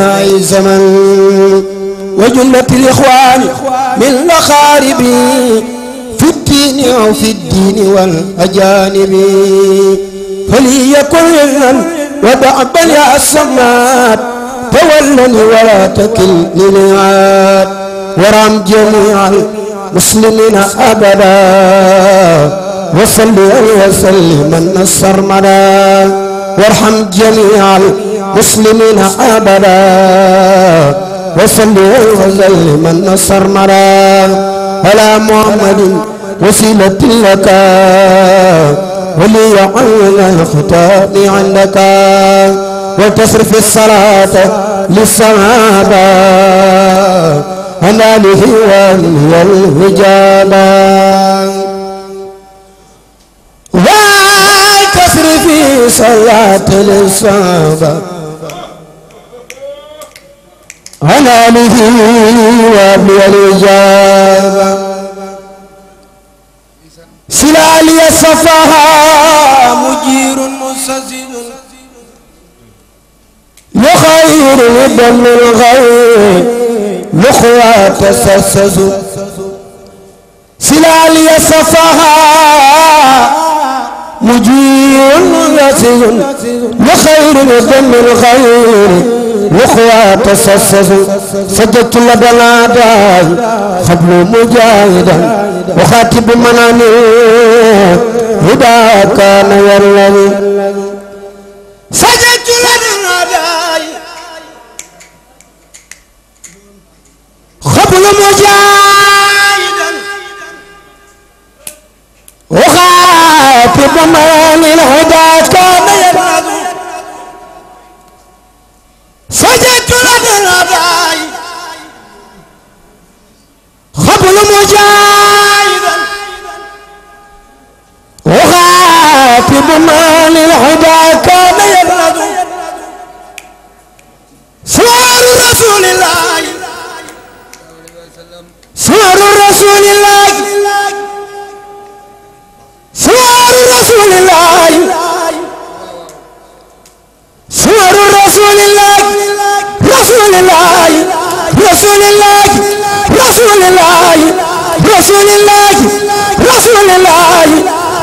أبناء زمن وجنة الإخوان من مخارب في الدين أو في الدين والأجانب فليكن إذن ودعبا يا السماد تولني ولا تكلني لعاد ورام جميع المسلمين أبدا وصلي وسلم النصر السرمدا وارحم جميع المسلمين أبدا وصل وسلم نصر مرا على محمد وسيلة لك ولي عين عندك وتصرف الصلاة للصحابة عن آله والهجابة الوجابة قتل الصحابة عن آله وأبي الإجابة سلالي صفاها مجير مستزم لخير ابن الغير لخوات تسسز سلالي صفاها مجير يسير وخير بذم الخير وخوى تسسس سددت لبنا داي قبل مجاهدا وخاتب مناني هدى كان يرلني سجدت لبنا داي قبل مجاهدا رسول الله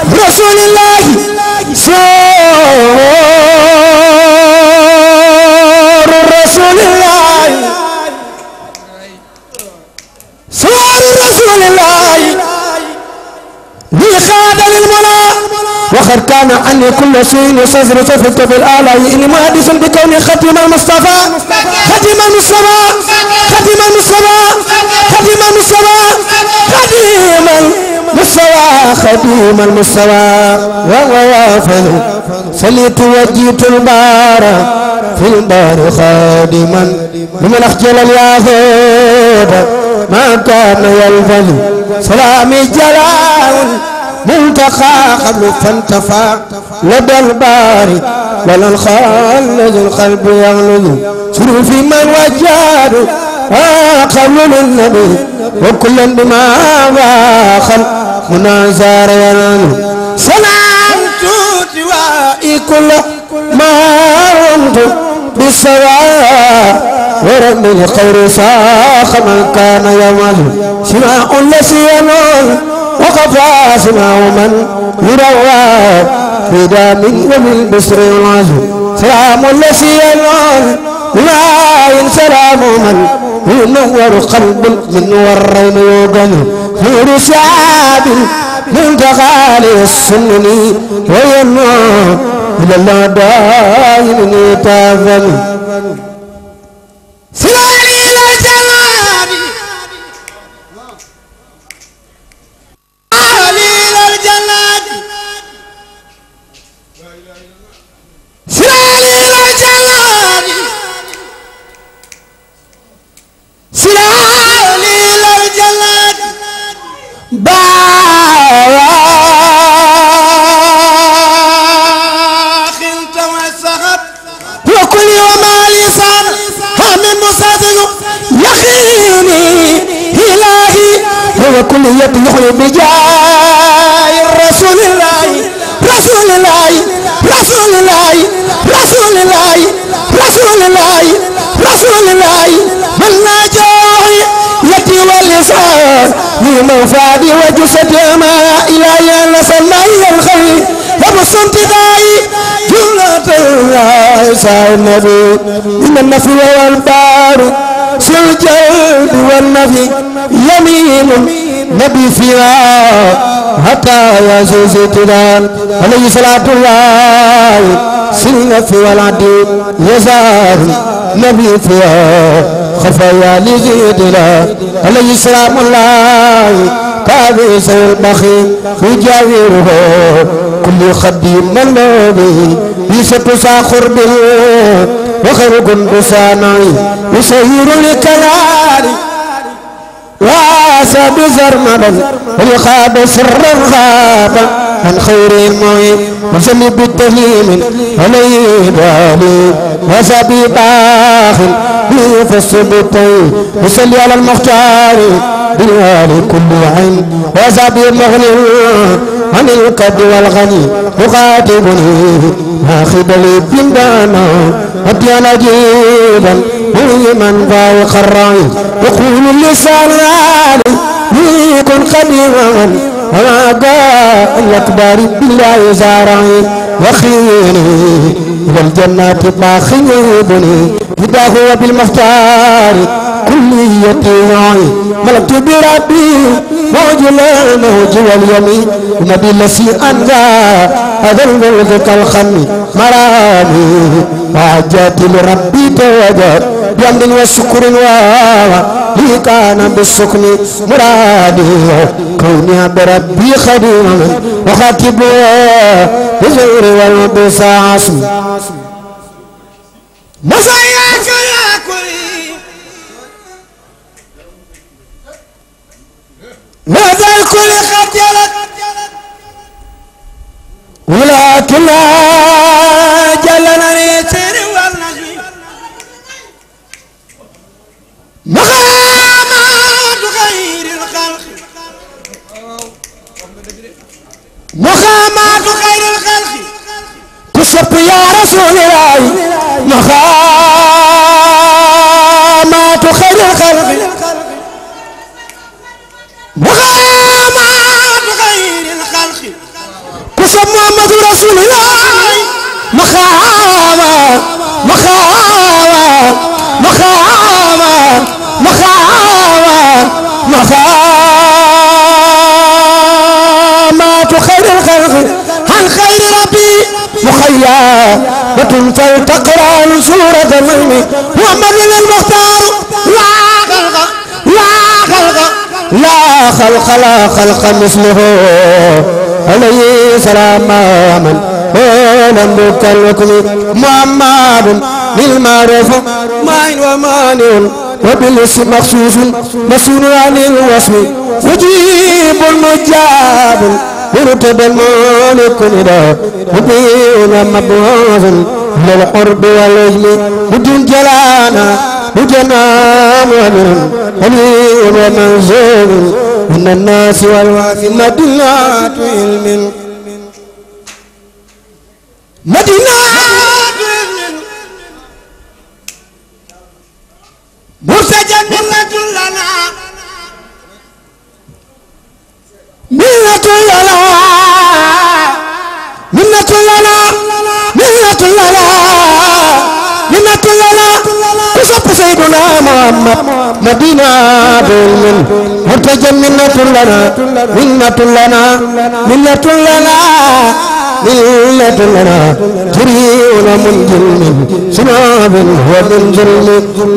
رسول الله صور رسول الله صار رسول الله بخاد للمنى وقد كان عني كل شيء يصدر صفت في الآلاء إني مهدس بكون ختم المصطفى ختم المصطفى ختم المصطفى ختم المصطفى ختم المصطفى مستوى خديم المستوى وهو سليت وجيت البار في البار خادما لمن اخجل اليافذ ما كان يلفل سلامي جلال ملتقى قبل فانتفى لدى الباري ولا الخالد القلب يغلظ شنو في من وجاد آه من النبي وكلا بما آخر هنا زار ينام سلامت دوائي كل ما رمت بالسواء ورم من خير ساخ من كان يمل سماء الذي ينال وقفا سماء من يروى بدام ومن بسر العزم سلام الذي ينال لا سلام من ينور قلب من والرين يوقن نور من تغالي للسنن وينو إلى الله دائم تافل من النفي والبار في الجلد والنفي يمين نبي فيها حتى يزوز تدان عليه الصلاة والله الله في ولد يزار نبي فيها خفايا لزيدنا عليه الصلاة والله تابي الله بخي في يجاوره كل خدي من نبي يسبس خربه وخرج بساني يسير لكلامي واسى بزرمدا ويخاب سر غابا من خير المعين وسلم بالتهيم عليه بالي وسبي باخ بيفص بالطيب وسلي على المختار بالوالي كل عين وسبي مغني عن القد والغني يخاطبني آخذ لي بندانا أبيا نجيبا مهما فاوق الرعي يقول اللسان العالي يكون قديما وما داء بالله زارعي وخيني والجنة الجنة باخيبني إذا هو بالمختار كليتي معي ملكت بربي موج الموج واليمين نبي لسي أنجا هذا الملك كالخمي مرامي وعجات لربي توجد بحمد وشكر وكان بالسكن مرادي كوني بربي خديما وخاتب بزور والبسا عصم مساياك يا كل ماذا الكل خطيرك ولكن الخلق مثله عليه سلام من ولم يبتل وكذب محمد بالمعروف معين ومانع وبالاسم مخصوص مسؤول عن الوصف مجيب مجاب برتب الملك إله مبين مبعوث للحرب والعجل بدون جلانا بجنان ولي ومنزول من الناس والواثمة ذات علم مدينة مرسجة منة لنا منة لنا منة لنا منة لنا منة لنا قصة سيدنا محمد مدينة بالمن مرتجا منة لنا منة لنا منة لنا ملة لنا جريون من جلم سناب هو من جلم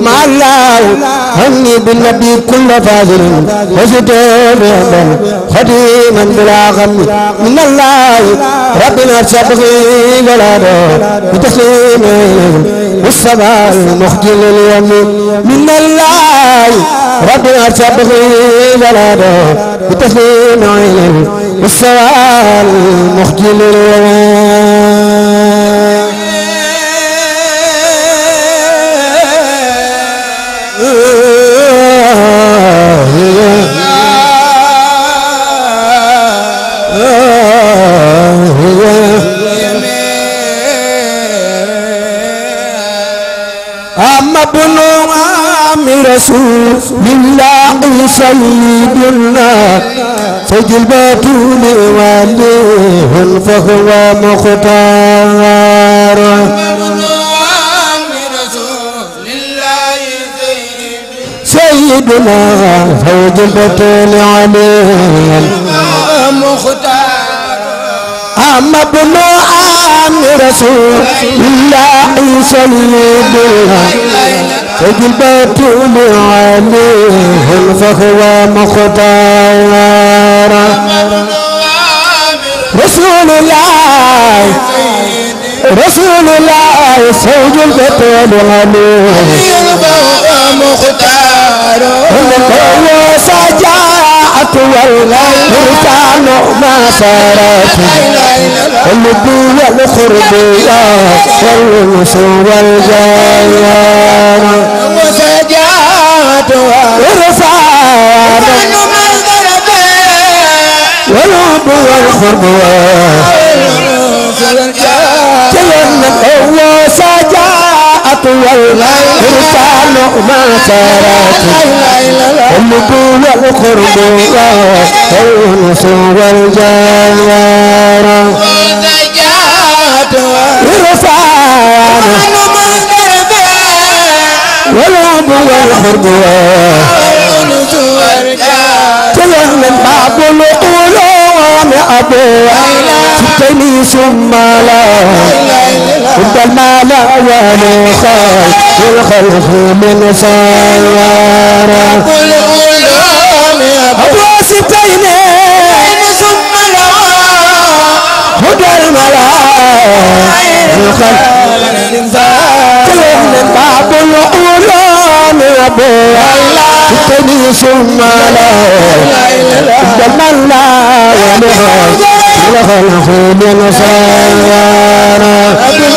ما الله هني بالنبي كل فاضل وزدان خديما بلا غم من الله ربنا شبغي بلاده بتسليمه والسبع المخجل اليوم من الله ربنا ارتبطي جلاله بتسليم عين والسوال مخجل اليوم سيد سيدنا فجلبات لواليه فهو مختار سيدنا فوج البطل عليه مختار أما ابن عم رسول الله صلى الله عليه وسلم إذ البتول فهو مختار رسول الله رسول الله سوج البتول عليهم فهو مختار هو سجاد الصلاة والإرسال ما صارت النبي والخربية والمسوى والجيار وسجاد والرسال والعب والخرب والجيار جيار هو سجاد أطول إرسال ما سارت النبو والقرب والأنس والجوار إرسال والأب والقرب والأنس والجوار تلهم الباب الأولى أبوها ستني ثم لا إن يا والخير والخلف من سيارة رب يا أبو ستين ثم هدى الملائكة والخلف من سيارة كل باب العلوم أبو ستين ثم لا يا الملائكة والخلف من سيارة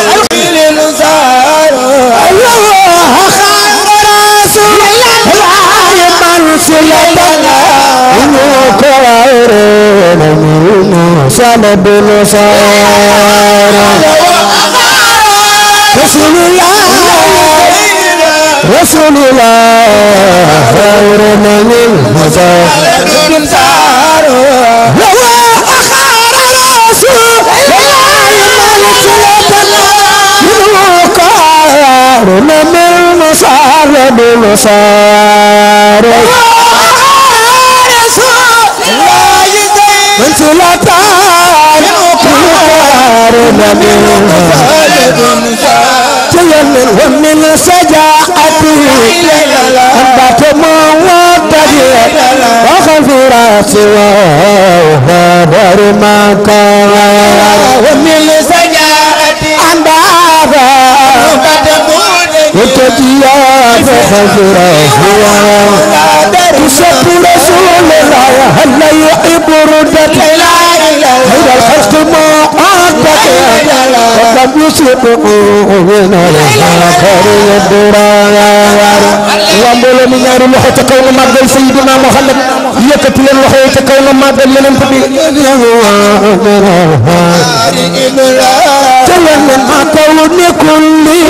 ربنا صار رسول الله رسول الله خير من المزار لو أخار رسول الله من المصار بالمصار خصلتان أقارن من تيمن ومن سجاعتي أنبات موتي وخفرات وغبر ما كان ومن سجاعتي أنبات وتجيا فخفرات تسب رسول الله هل يعب ردتي ولم يسبقوه من الآخر الدرايا yàmbooloo mi ñaari loxo ca kaw nga màggal Seydina Muhammad yëkkati leen loxo yi ca kaw nga màggal yeneen bi تلم أكون كلي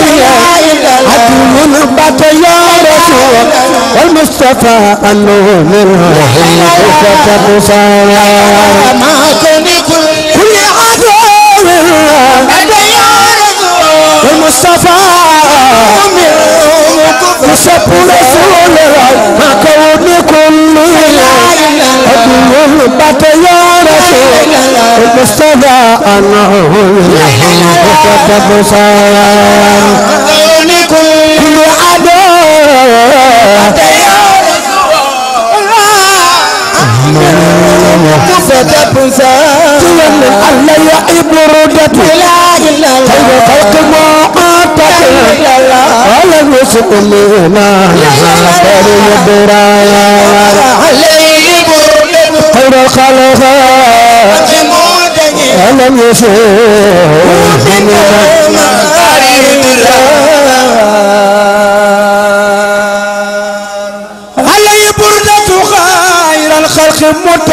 عدل بات يا رسول والمصطفى أنه من الحقيقة مصارى يوسف رسول الله كون كله أبيه بات يا رسول المستدى أنه يكتب سيا كل عدو علي إبردة لا إله إلا الله قال المسلمون قد يدرايا خير الخلق ألم يشوف من علي بردة خير الخلق مت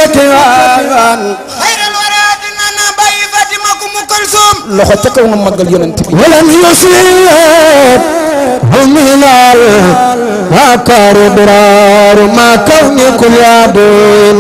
loxo ca kaw nga màggal yonent bi walam yuslim hum hilal wa karubrar ma kawni kulyadin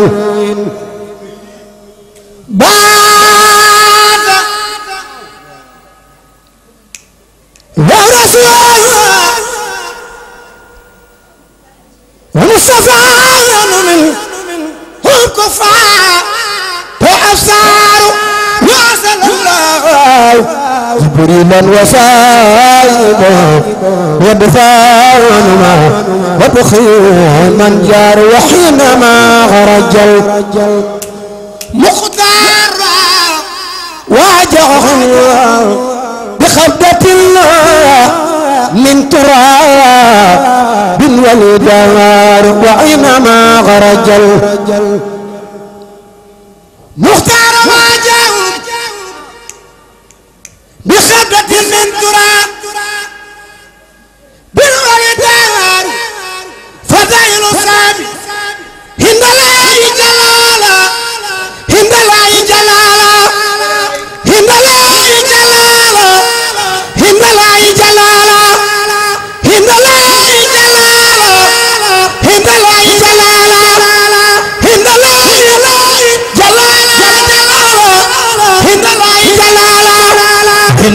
كريما وسائما ودفاعنا وبخيل من جار وحينما خرج مختار واجع بخبدة الله من ترى بالوليد وحينما خرج مختار Busca de mentura.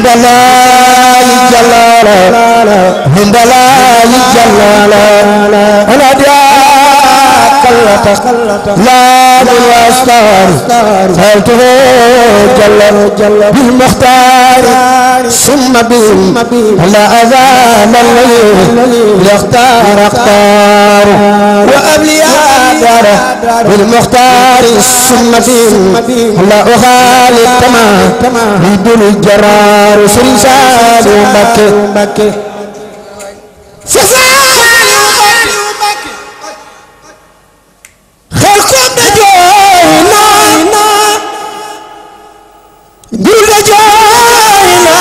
بلاء جلالا من بلاء جلالا أنا قلت لا بالاستار سألته جل جل بالمختار ثم به لا أذان الذي يختار اختار وأبلياء زيارة بالمختار السمدين لا أخالف تما يدل الجرار سلسال مكة سلسال مكة خلقنا جوينا دل جوينا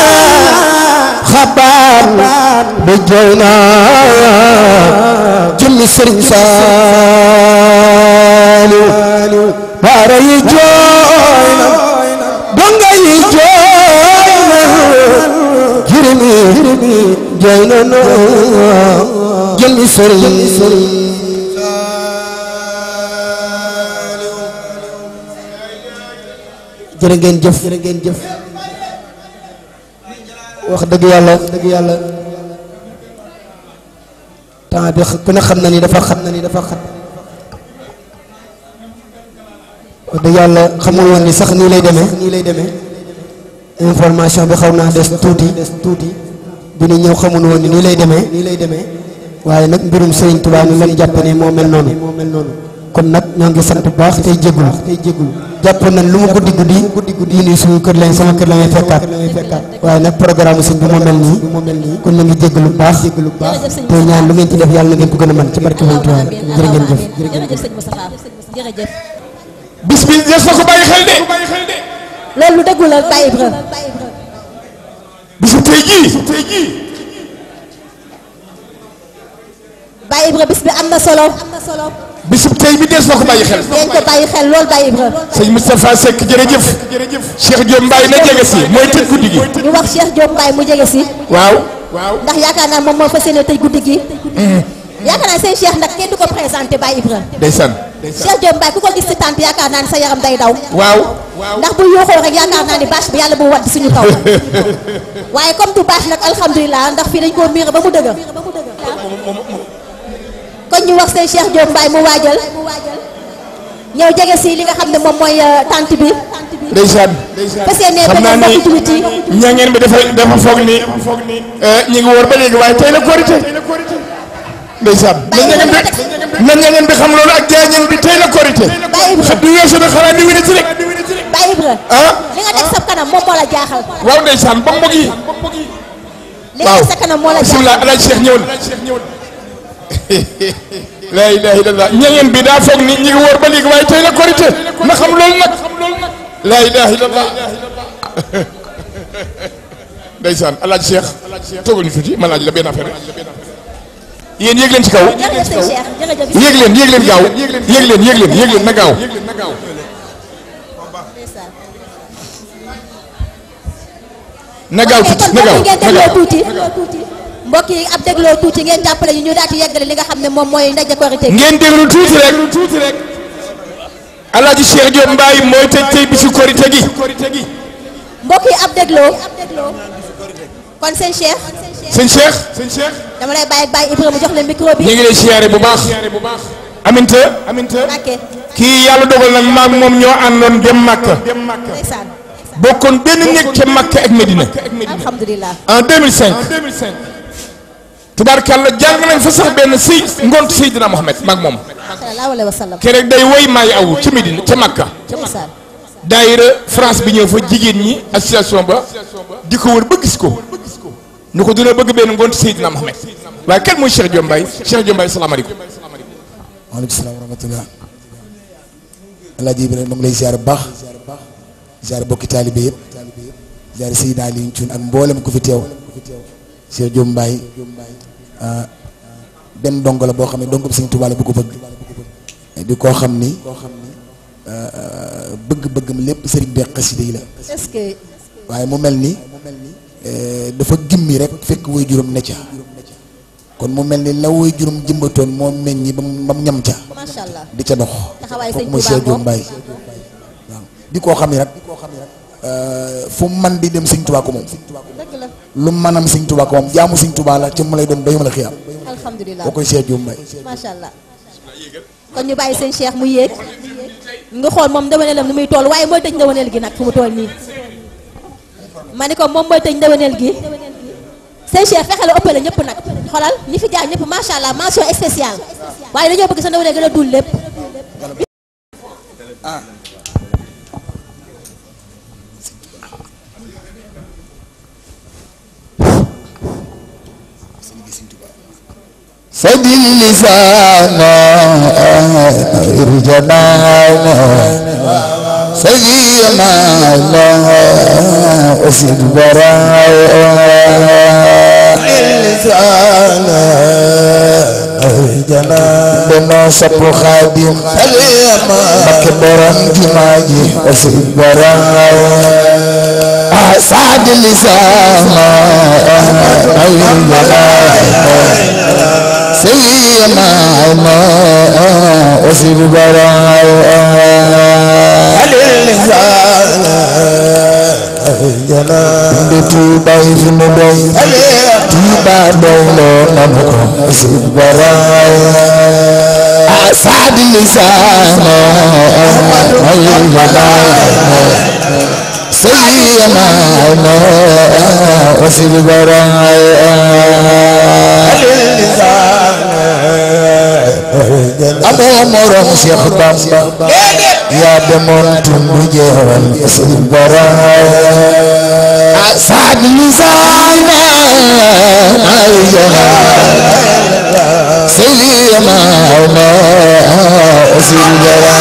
خبار بجوينا جل سرسال saaliw baara yi jooy na donga yi jooy na jirimi jooy na noo jëmmi sëriñ jërë ngeen jëf jërë ngeen jëf wax dëgg yàlla dëgg yàlla temps bi ku ne xam na ni dafa xam na ni dafa xat wax dëgg yàlla xamul woon ni sax nii lay demee nii lay demee information bi xaw naa des tuuti tuuti bi nu ñëw xamul woon ni nii lay demee nii lay demee waaye nag mbirum Serigne Touba ni lan jàpp ne moo mel noonu kon nag ñoo ngi sant bu baax tey jégul tey jégul jàpp nañ lu mu guddi guddi guddi guddi nii suñu kër lañ sama kër la may fekkaat waaye nag programme sëñ bi moo mel nii kon ñu ngi jégul bu baax te ñaan lu ngeen def yàlla na ko gën a mën ci barke Serigne Touba jërë ngeen jëf jërëjëf bis bi des na ko bàyyi xel de. loolu lu dëggu la Baye Ibra. bisu tey jii. Baye Ibra bis bi am na solo. bisu tey bi des na ko bàyyi xel. dinañ bàyyi xel lool Baye Ibra. sëñ Moustapha Seck jërëjëf. Cheikh Diop Mbaye na jege si mooy tëj guddi gi. ñu wax Cheikh Diop Mbaye mu jege si. waaw. ndax yaakaar naa moom moo fas yéene tëj guddi gi. Mm-hmm. yaakaar naa seen Cheikh ndax kenn du ko présenté Baye Ibra. ndeysaan. Cheikh Diop Mbaye ku ko gis si tànt yaakaar naa sa yaram day daw waaw ndax bu yuuxoo rek yaakaar naa ni bâche bi yàlla bu wadd suñu kaw [laughs] waaye comme du bâche nag alhamdulilah ndax fii dañ koo miir ba mu dëgër kon ñu wax seen Cheikh Diop Mbaye mu waajal ñëw jege si li nga xam ne moom mooy euh, tant bi. ndeysaan. parce que nee na dafa jullit yi xam naa ni ña ngeen bi dafa dafa foog ni. Euh, ñu ngi wóor ba léegi waaye tey la korité ndeysaan la ñangeen bi xam loolu ak jaañeen bi tey la korité xam du weesu na xanaa di winit ah. li nga teg sa kanam moom la jaaxal waaw ndeysaan ba mbokk la jaaxal bismillah alaaj Cheikh ñëwal laa ilaaha illallah ñangeen bi daa foog ni ñi ngi wóor ba léegi waaye tey la korité na xam loolu nag laa ilaaha illallah [laughs] ndeysaan alaaj Cheikh toogal ñu tuuti ma la benn affaire yéen yéeg leen ci kaw yéeg leen yéeg leen gaaw yéeg leen yéeg leen na gaaw na gaaw tuuti na gaaw na gaaw tuuti mbokk yi ab dégloo tuuti ngeen jàppale ñu ñu daal di yeggale li nga xam ne moom mooy ndaje korité ngeen déglu tuuti rek tuuti rek Alaaji Cheikh Diop Mbaye mooy tëj tey bisu korité gi mbokk yi ab dégloo kon seen Cheikh sëñ Cheikh. sëñ Cheikh. dama lay bàyyi bàyyi Ibrahima jox leen micro bi. ñu lay siyaare bu baax. aminte. aminte. kii yàlla dogal nag maag moom ñoo àndoon dem Makka. bokkoon Makka ak Medina. en 2005. tubaarkàlla jàng nañ fa sax benn si ngont Mohamed maag moom. sallallahu alayhi wa sallam. day Medina ca Makka. daayira France bi ñëw fa jigéen ñi association ba di wër ba gis ko. ni ko dina bëgg benn ngoon Seydina Mohamed waaye kenn mooy Cheikh Diom Baye Cheikh Diom Baye salaamaaleykum. waaleykum salaam wa rahmatulah. bu baax ziar bokki taalibe yëpp ziar Seydina Alioune Thioune ak mboolem ku fi teew Cheikh ah, benn dong la boo xam ne dong Sëñ Tuubaa la ko bëgg di koo xam ni ah, bëgg-bëggam lépp sëriñ bi xasida waaye mu mel ni. Eh, dafa gimmi rek fekk way juróom ne ca kon mu mel ni la way juróom jëmbatoon moo meññi ba mu ñam ca di ca dox foofu mooy Cheikh Jom Baye waaw di koo xam ne eh, rek fu man di dem Sëñ Tuubaa ko moom lu manam Sëñ Tuubaa ko moom jaamu Sëñ Tuubaa la ca mu lay doon ba yomal xiyaam alhamdulilah boo koy Cheikh Jom Baye kon ñu bàyyi seen Cheikh mu yéeg nga xool moom ndeweneel am muy toll waaye mooy tëj ndeweneel gi nag fu mu toll nii mané ko mom moy tëj ndeweneel gi sey Cheikh fexel oppel ñep nak xolal ñi fi jaar ñëpp macha allah mention spécial waye dañu bëgg sa ndeweneel gëna a dul lépp. ah. فدي اللسان ارجمانا فلي مع الله في البراء لسانا جنا بنا صب خادم فلي مكبرا جماجي وفي البراء سعد لسانا سيما ما وفي البراء bay sunu doy tuuba doy loo nanu ko sib baraay asaadi amoo morom Cheikh Bamba yaa demoon tundu jeewal suñ borom saag li saana ay jamaa selima ma suñ borom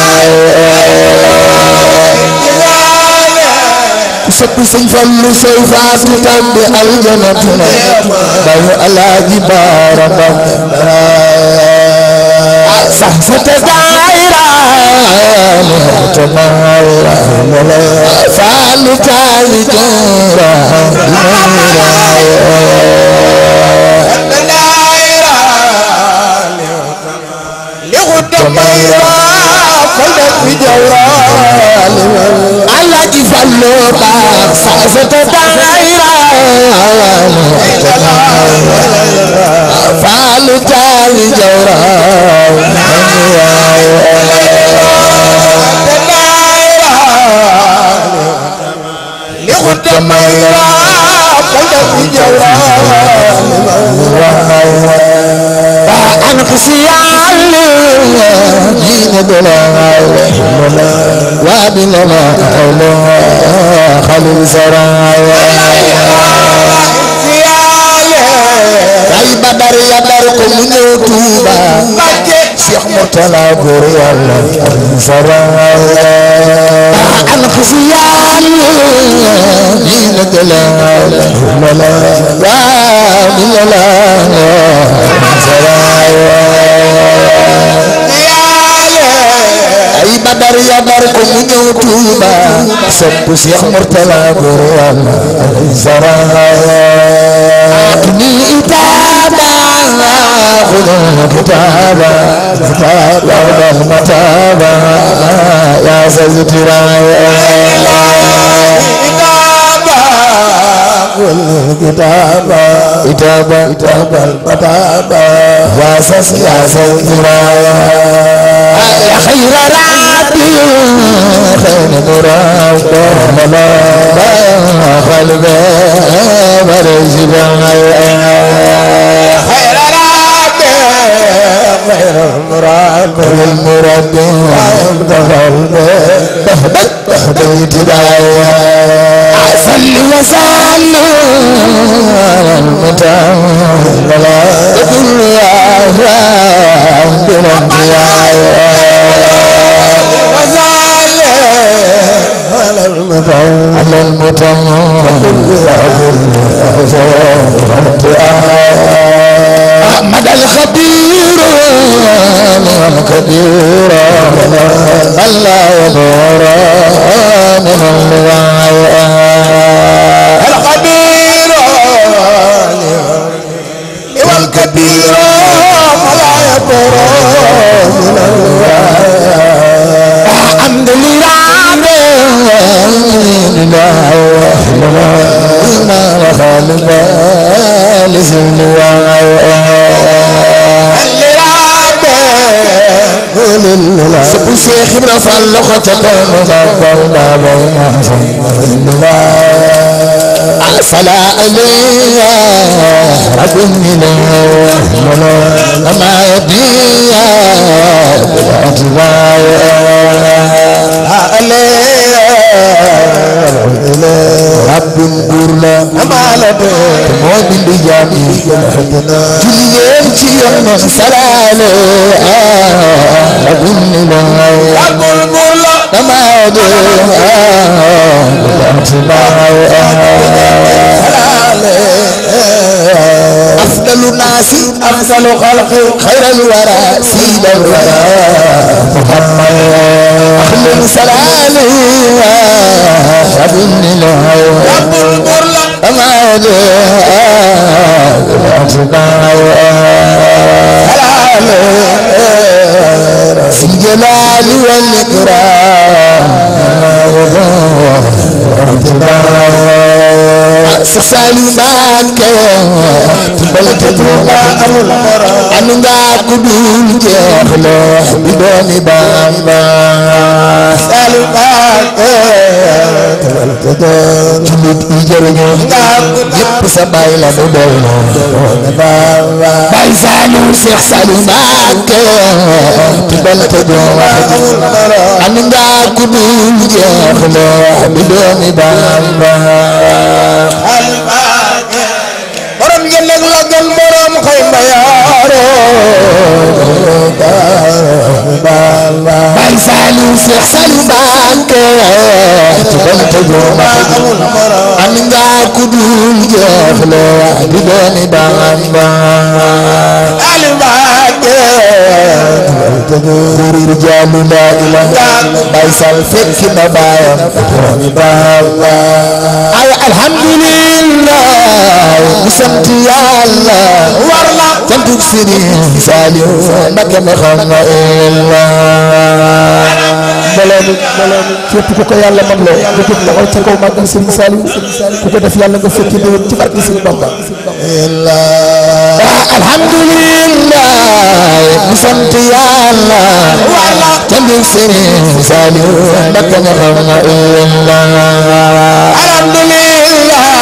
sopp sëñ Fallu say faatu tàbbi aljana tuna bayu alaaji baara ba صحفة دائرة متمايرة ملا فعلك الجورة متمايرة فلك بجورة الله يفلوك صحفة دائرة متمايرة فعلك الجوراء وابنما خليل سرايا ay badar ya dar ko mu ñëw Tuuba Cheikh Mourtala góor yàlla am saraya an xusiyaan ni la gëlaal mala waa ni la am saraya ay badar ya dar ko mu ñëw Tuuba sopp Cheikh Mourtala góor yàlla am saraya ni ita خذ كتابا كتابا متابا يا سيدنا كتابا كتابا كتابا كتابا يا سيدنا يا سيدنا يا خير ربي خير مراد ملا المراد المراد بيت دعوة صل وسلم المتعب الدنيا على المطعم على المطعم كل عبد محمد الخبير كبير الله يبارك تقوم فوضى بين الصلاة علي رب من الملوك أحسن خلق خير الورى سيد الورى محمد أخلي سلامي رب النلوى رب القرى أما جاء سلامي في الجلال والإكرام رب القرى Seex Saaliw Mbàkke dimbali te du la amul morom am nga ku dul jeex loo bi doomi Bamba Saaliw Mbàkke dimbali te doon julit yi jëriñoo yëpp sa baay la mu doy na doomi Bamba Baay Saaliw Seex Saaliw Mbàkke dimbali te du la amul morom am nga ku dul jeex loo bi doomi Bamba Bamba Baye Saliou Cheikh Saliou Mbacké ci bant bu mag am nga ku dul jeexle di doomi Bamba Saliou Mbacké kurir jaamu la ilaha Baye Sal fekk na baayam doomi Bamba ay alhamdulillah mu sant yàlla war santuk Serigne Saliou Mbacké ma xam na illa mbooloo mi képp ku ko yàlla mam loo nga jóg la ca kaw màggal Serigne Saliou ku ko def yàlla nga fekki déwén ci barke Serigne Bamba illa ah, alhamdulillah mu sant yàlla santuk Serigne Saliou Mbacké ma xam na illa alhamdulillah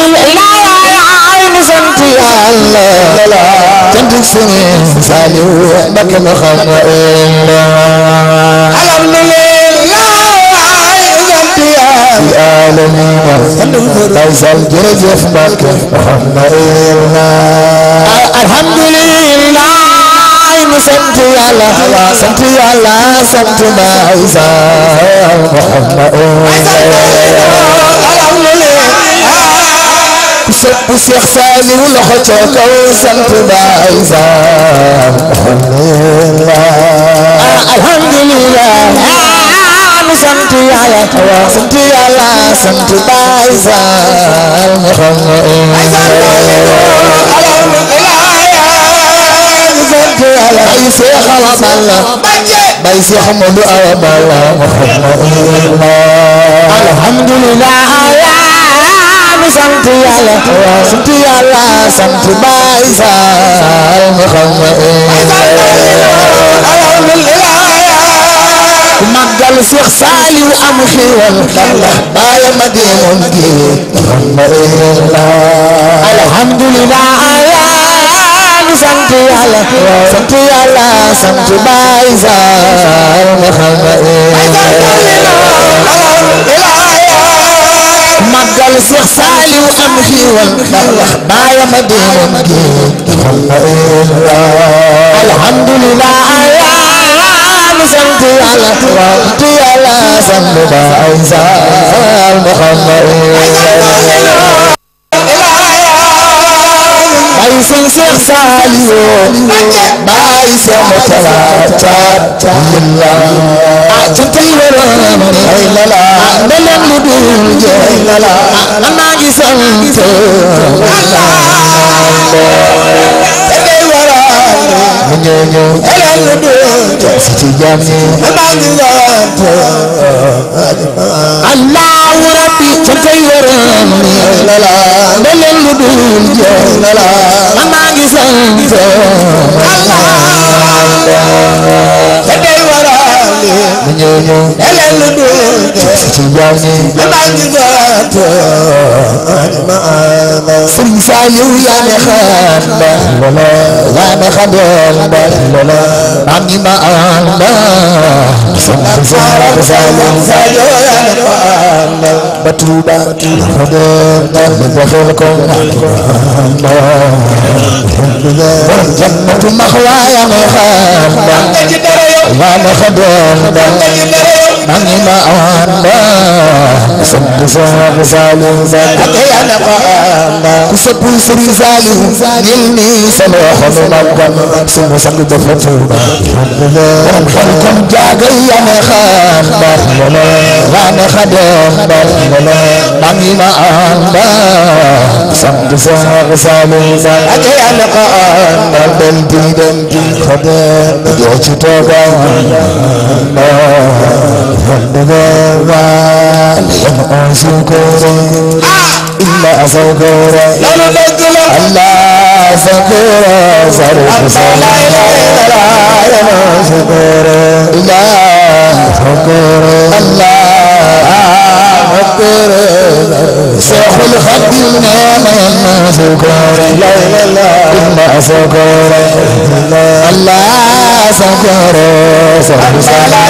sant yàlla cant Sëriñ Saliou Mbacké ma xam nga alhamdulillah Faysal jërëjëf Mbacké xam nga alhamdulillah nu sant yàlla sant yàlla sant Faysal سب سيخ سالي ولخطوك وسنت بايزا الحمد لله الحمد لله آه، سنتي يا توا سنتي يا لا سنتي بايزا الحمد لله سنتي يا لا يسي خلاص الله بايزي حمد الله الحمد لله mi sant yàlla sant yàlla sant Baay Faal Muhammad màggal Seex Saaliw am xiwal ndax baayam a demoon gi alhamdulillah sant yàlla sant yàlla sant Baay Faal Muhammad مجال سيخسالي وامشي والخلخ بايا مدين جيت الحمد لله يا سنتي على ربتي على سنبا عزال محمد الله baay sëñ Seex Saaliw baay sëñ Murtala caat ah ca tey waroon ay lala ah, leneen lu dul jeey lala ah, maa ngi sant lala ca tey waroon leneen lu dul jeey si ci jàmm maa ngi sant ah. fa kay waral la la ba leen lu dul jeex la la man maa ngi sant Allah Nyonyo Elelu doge Chinyani Abangi gato Anima ana Sri sayu ya mekhanda Lola Ya mekhandonda Lola Anima ana Samsara sayu sayu ya mekhanda Batuba Khodonda Mekhakhilkom Anima Jannatu makhwa ya mekhanda Jannatu makhwa ya mekhanda maama xadoon نغمى عنا سب سوى سالم زاد يا نقام سب سري سالم يلني سلوح ممكن سمو سقد فتوبة ورم خلقم جاقي يا خام غام خدم نغمى عنا سب سوى سالم زاد يا نقام دمتي دمتي خدم يوشي توبة ذنبنا لم شكورا إلا شكورا ألا شكورا صرف صلاة الله شيخ الخديم ما سكر ما سكر الله سكر سكر لا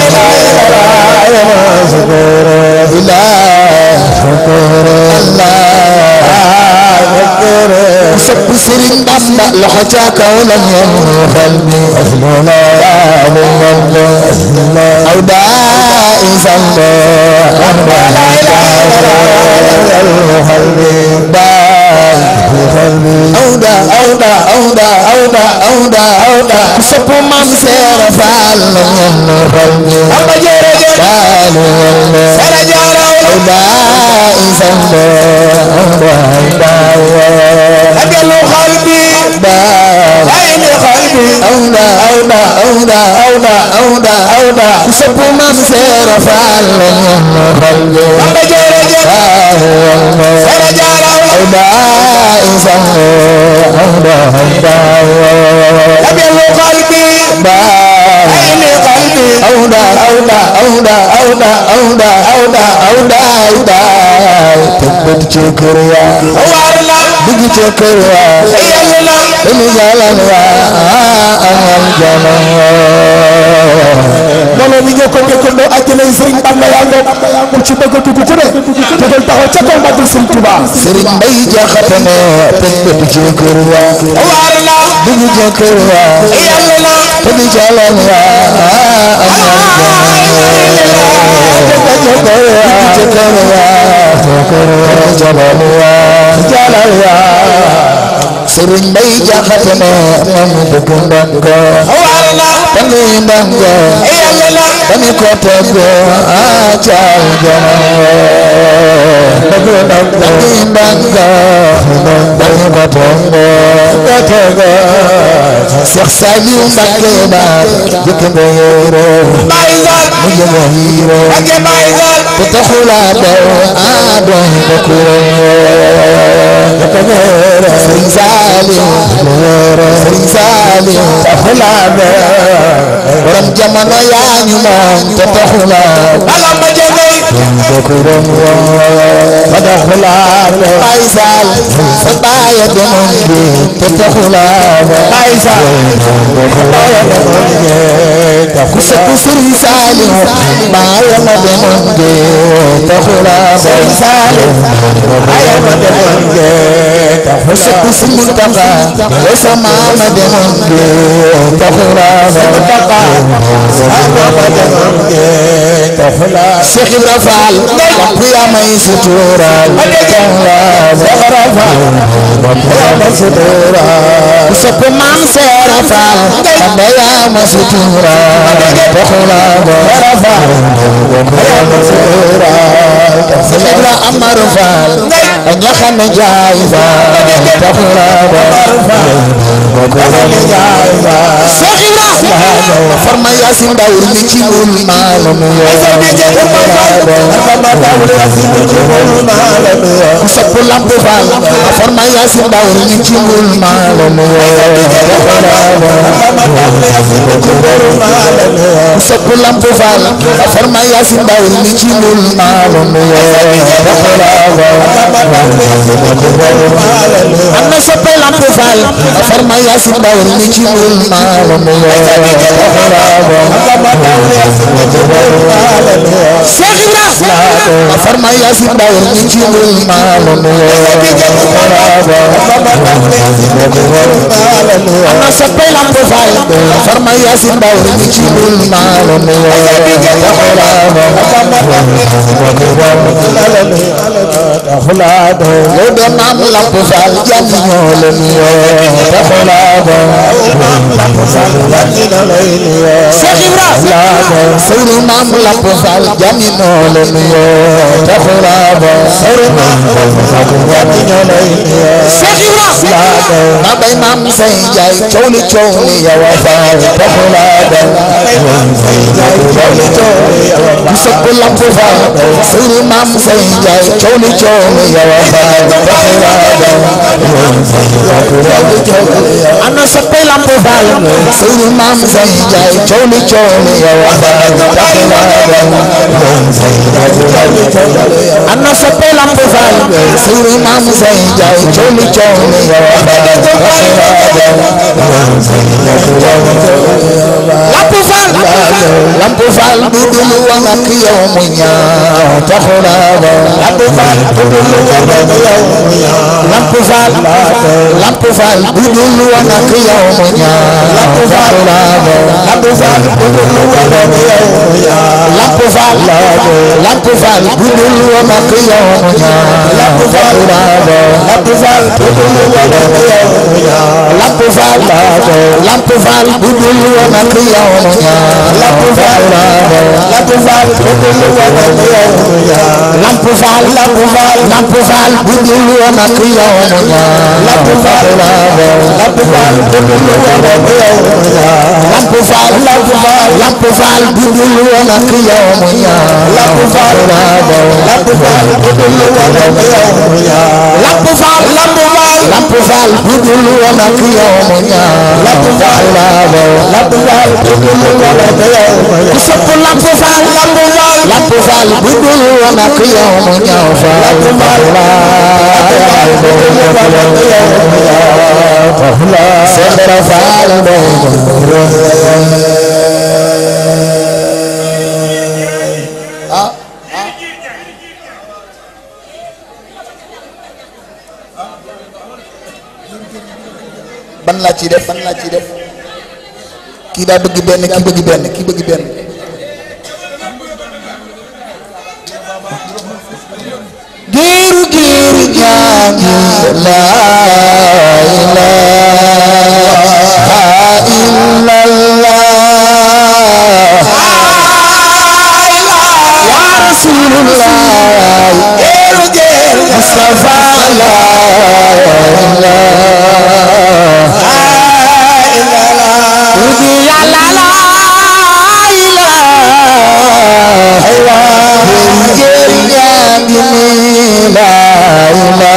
اله الا سكر لا سكر الله سب سرين بابا لحجاك ولم يمر قلبي أهلنا يا أبو الله أو دار إذا الله ولا إله إلا الله awda awda awda awda awda awda sopp mam seera faal amma jere jere sara jara awda insamba awda awda ajalu qalbi awda ayni qalbi awda awda awda awda awda awda sopp mam seera faal amma jere jere sara jara بائسا عهدهم دعوا أبيض قلبي عين قلبي أودع أودع أودع أودع أودع أودع أودع أودع تبت شكريا وارنا بيجي شكريا يلا ini jalan wa amal jalan wala ni ñoo ko nekkoon doo àjjana Serigne Bamba yaa ngi ko ci bëgg a dugg ku ne te doon taxaw ca Bay jaxate ne pëpp jëkkër wa war na duñu jëkkër wa yàlla Serigne Mbaye Diakhaté ne moom bu ko bami bango bami kotogo ajaogo bami bango bami kotogo kotogo Cheikh Saliou Mbacké ba jikko boyoro mujo boyoro koto khula do ado kokuro Sëriñ Saliou Sëriñ Saliou khula do kon jamono yaa ñu moom te taxuloo. فدخلاب فايزال فبايا دمونجي فتخلاب فايزال فبايا دمونجي كسا كسري سالي بايا دمونجي تخلاب فايزال بايا دمونجي كسا كسري ملتقى وسما مدمونجي تخلاب ملتقى وسما مدمونجي تخلاب شيخ إبراهيم faal bopp yaa may sutural kenn la Seera Faal bopp yaa ma sutural sopp maam Seera Faal tanda yaa ma sutural bopp la Seera Faal bopp yaa ma sutural Seera Amar Faal ñaxam jaay ba taxulaba ñaxam jaay ba Cheikh Ibrahima farma yasin dawul ni ci mul malam yo sopp lamp faal farma yasin dawul ni ci mul malam yo sopp lamp faal farma yasin dawul ni ci mul malam yo am na soppay lamp faal farma yaasin ba war ni ci wul maalam Cheikh Ibra farma yaasin ba war ni ci wul maalam am na soppay lamp faal farma yaasin ba war ni ci wul maalam Allahu xulaaba loo doon maam lamp faal jàmm ñoo leen yoo te xulaaba maam lamp faal jàmm ñoo leen yoo Cheikh Ibra sëru maam lamp faal jàmm a faal te xulaaba am na soppay lamb baal sëriñ maam say jaay coow li coow li yow am na soppay lamb baal sëriñ maam say jaay coow li coow li yow lampu faal du dul wa nak yow mu ñaaw taxu laa ba lampu faal du dul wa Lamp Fall Lamp Fall bu dul woon ak yow mu ñaar Lamp Fall Lamp Fall bu dul woon ak yow mu ñaar Lamp Fall Lamp Fall bu dul woon ak yow mu ñaar Lamp Fall Lamp Fall bu dul woon ak yow mu ñaar Lamp Fall Lamp Fall bu dul woon ak yow mu ñaar Lamp Fall Lamp Fall bu dul woon ak yow mu ñaar Lamp Fall Lamp Fall faal bu dul woon ak faal lamp faal bu woon mu ñaar lamp faal lamp faal faal bu woon ak woon mu ñaar Lamp Fall bu dul woon ak yow ma ñaaw Lamp Fall Lamp Fall bu dul woon ak yow ma ñaaw ku sopp Lamp Fall Lamp Fall Lamp Fall bu dul woon ak yow ma ñaaw Fall Fall Fall ki da bëgg ben ki bëgg ben ki bëgg benn illallah ya rasulullah géeru géeru Mustafa la la la la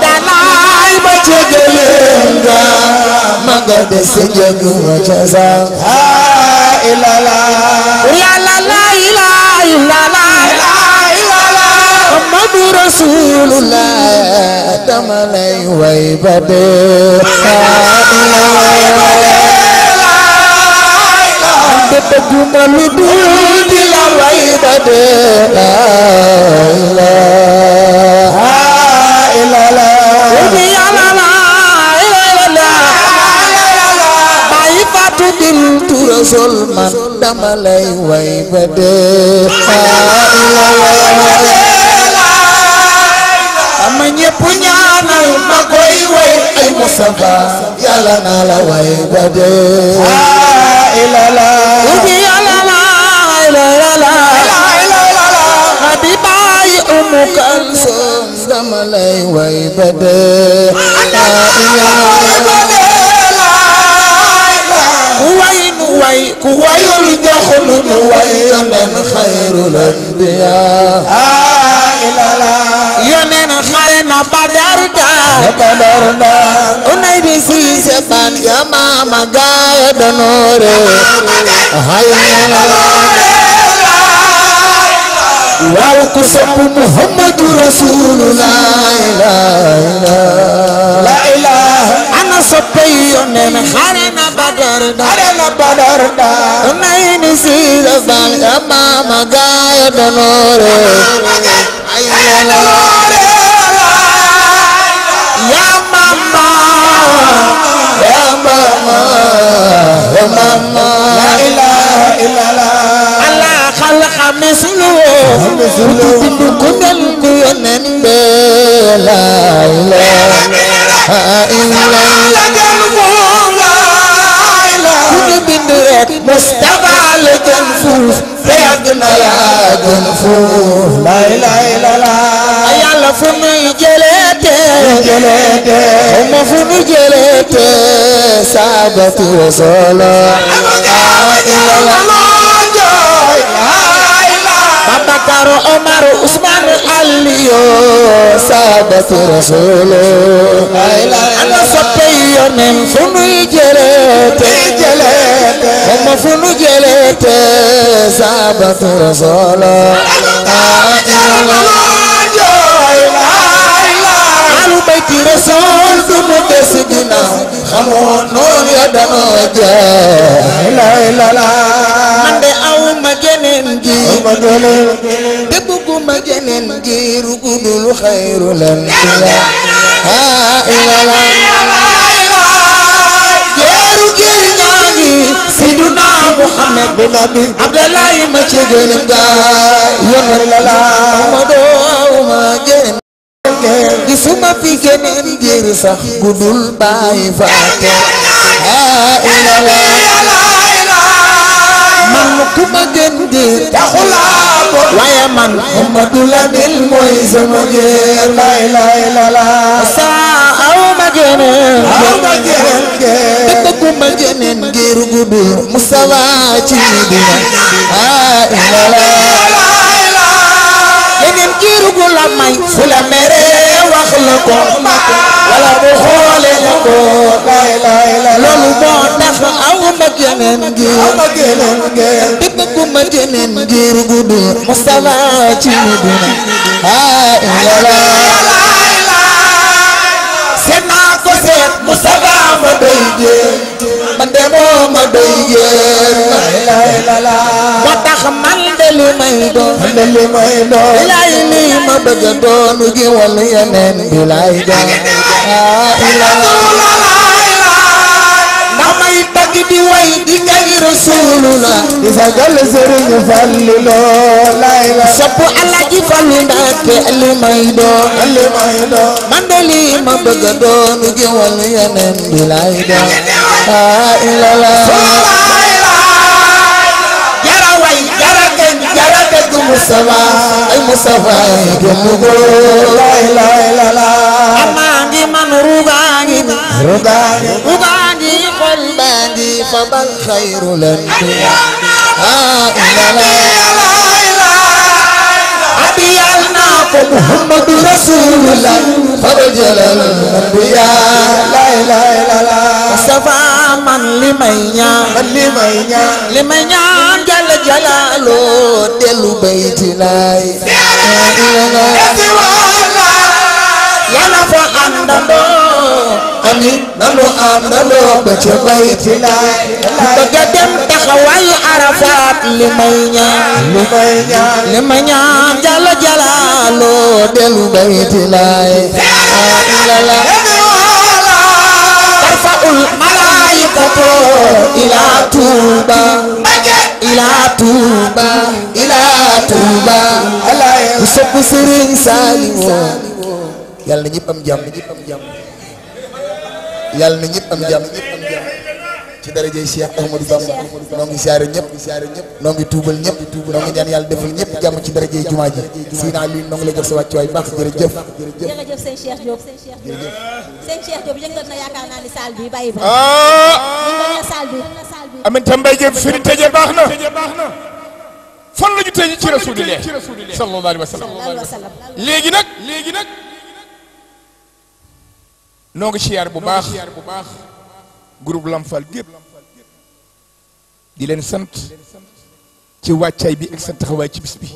dalaay ba ca gëléem nga ma nga des sa njëg wa ca sax aa ilala ilala ilala ilala ilala Muhammadu Rasulullah dama lay way ba dee aa ilala dëgguma lu dul di la way ba dee aa ilala إلا لا يا لا لا إلا لا طائفة بنت رسول من دم لي ويبد إلا لا أما يبنيان مكوي وي أي مصطفى يا لا لا ويبد إلا لا يا لا لا إلا لا حبيبي أمك أنصر lay way ba dee ku way nu way ku wayul jox lu nu way yonen xayrul anbiyaa yonen xare na badar daa badar daa unay bi siise ban ya maama gaaya donoore hay waaw ku sopp Muhammadu Rasulullah la ilaha ana soppe yonen xare na Badar na Badar da nay ni sira gaaya donore ay donore ya mama ya mama ya la ilaha illa رسوله كل الكون لا إله إلا الله مصطفى لجنفوف سيدنا يا جنفوف لا إله إلا الله يلا فمي جلاتي جلاتي هم فمي جلاتي سابتي وصلاة لا إله إلا الله Bakar Omar Usman Aliyo saadatu rasuulu ana soppe yonen fu nuy jëlete moom fu nu jëlete saadatu rasuulu alu bayti rasuul du nu des ginnaaw xamoon noon ya danoo jaay la la la ma gënal te bëgguma gudul xayru lan biya haa ilala geeru giir ñaa ngi siduna Muhammad bi nabi Abdallahi ma ci gën gaa yonar lala ma doow ma geneen gisuma fi geneen giir sax gudul bàyyi faate haa ilala ma gën ngir taxulaa bon waaye man Muhammadu Lamin mooy sama ngir lay lay lala saa aw ma gëneen aw ma gëneen ngir te ku ma gëneen ngir gudu musawa ci dina ah ilala yeneen ngir gu la may fu la meree la ko wala mu xoole la ko loolu moo tax aw ma geneen ngir te bëgguma geneen ngir gu dul Mustafa ci mu dina haa ilala seet naa ko seet Mustafa ma doy jéem man de moo ma doy jéem xamal may doon de li may doon bilaay lii ma bëgg a doon gi wala yeneen bilaay doon ah ilaa damay di way li may doon li may doon man de li ma bëgg a doon gi wala yeneen bilaay doon ah ilaa Mustafa ay Mustafa kenn ko la ilaha illallah amaangi man rugaangi rugaangi rugaangi xol baangi fa bal xayru lan ah illallah محمد رسول الله فرج الانبياء لا اله الا الله صفا من لمن يا من لمن يا لمن يا jalaalu dellu bayti laay yàlla fa àndandoo amit nanu àndandoo ba ca bayti laay ku bëgg a dem taxawaayu arafaat li may ilaa Touba ilaa Touba ilaa Touba bu sopp am jàmm yàlla na ñëpp am ci darajay Cheikh Ahmadou Bamba noo ngi siyaare ñëpp noo ngi tuubal ñëpp noo ngi ñaan yàlla defal ñëpp jàmm ci darajay jumaa ji si naa lii noo ngi la jox sa wàccuwaay baax jërëjëf jërëjëf sëñ ba saal ah! bi aminta mbay jëf fi baax na ngi siyaar bu baax groupe Lamfal gépp di leen sant ci wàccaay bi ak seen taxawaay ci bis bi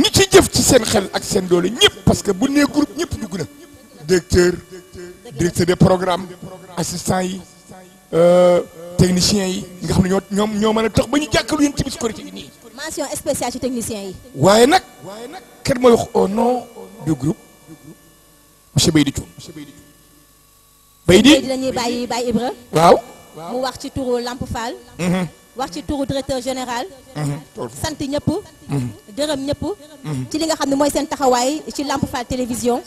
ñi ci jëf ci seen xel ak seen doole ñëpp parce que bu nee groupe ñëpp dugg na directeur directeur des programmes assistant yi euh, techniciens yi nga xam ne ñoo ñoom ñoo mën a tax ba ñu jàkkaarloo yéen ci bis korité yi nii. mention spéciale ci techniciens yi. waaye nag. waaye nag kenn mooy wax au nom du groupe monsieur Baydi Thioune. bay di la ñuy bàyyi Baye Ibra waaw mu wax ci turu Lamp Fall mm-hmm. wax ci turu directeur général mm-hmm. sant ñëpp mm-hmm. gërëm ñëpp ci li nga xam ne mooy seen taxawaay ci Lamp Fall télévision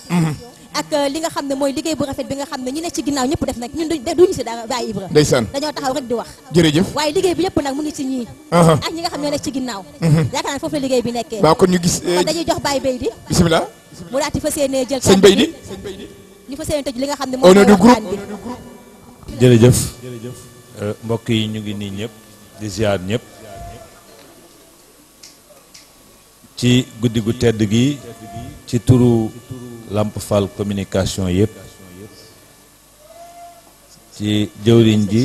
ak euh, li nga xam ne mooy liggéey bu rafet bi nga xam ne ñu ne ci ginnaaw ñëpp def nag ñun duñu si dara Baye Ibra ndeysaan dañoo taxaw rek di wax jërëjëf waaye liggéey bi yëpp nag mu ngi ci ñii uh-huh. ak ñi nga xam ne nekk ci ginnaaw yaakaar naa foofu la liggéey bi nekkee waaw kon ñu gis euh, dañuy jox Baye Baye ñu fa seen li nga xam ne moom mooy waxtaan bi jërëjëf euh, mbokk yi ñu ngi nii ñëpp di ziar ñëpp ci guddi gu tedd gi ci turu Lamp Fall communication yëpp ci jëwriñ ji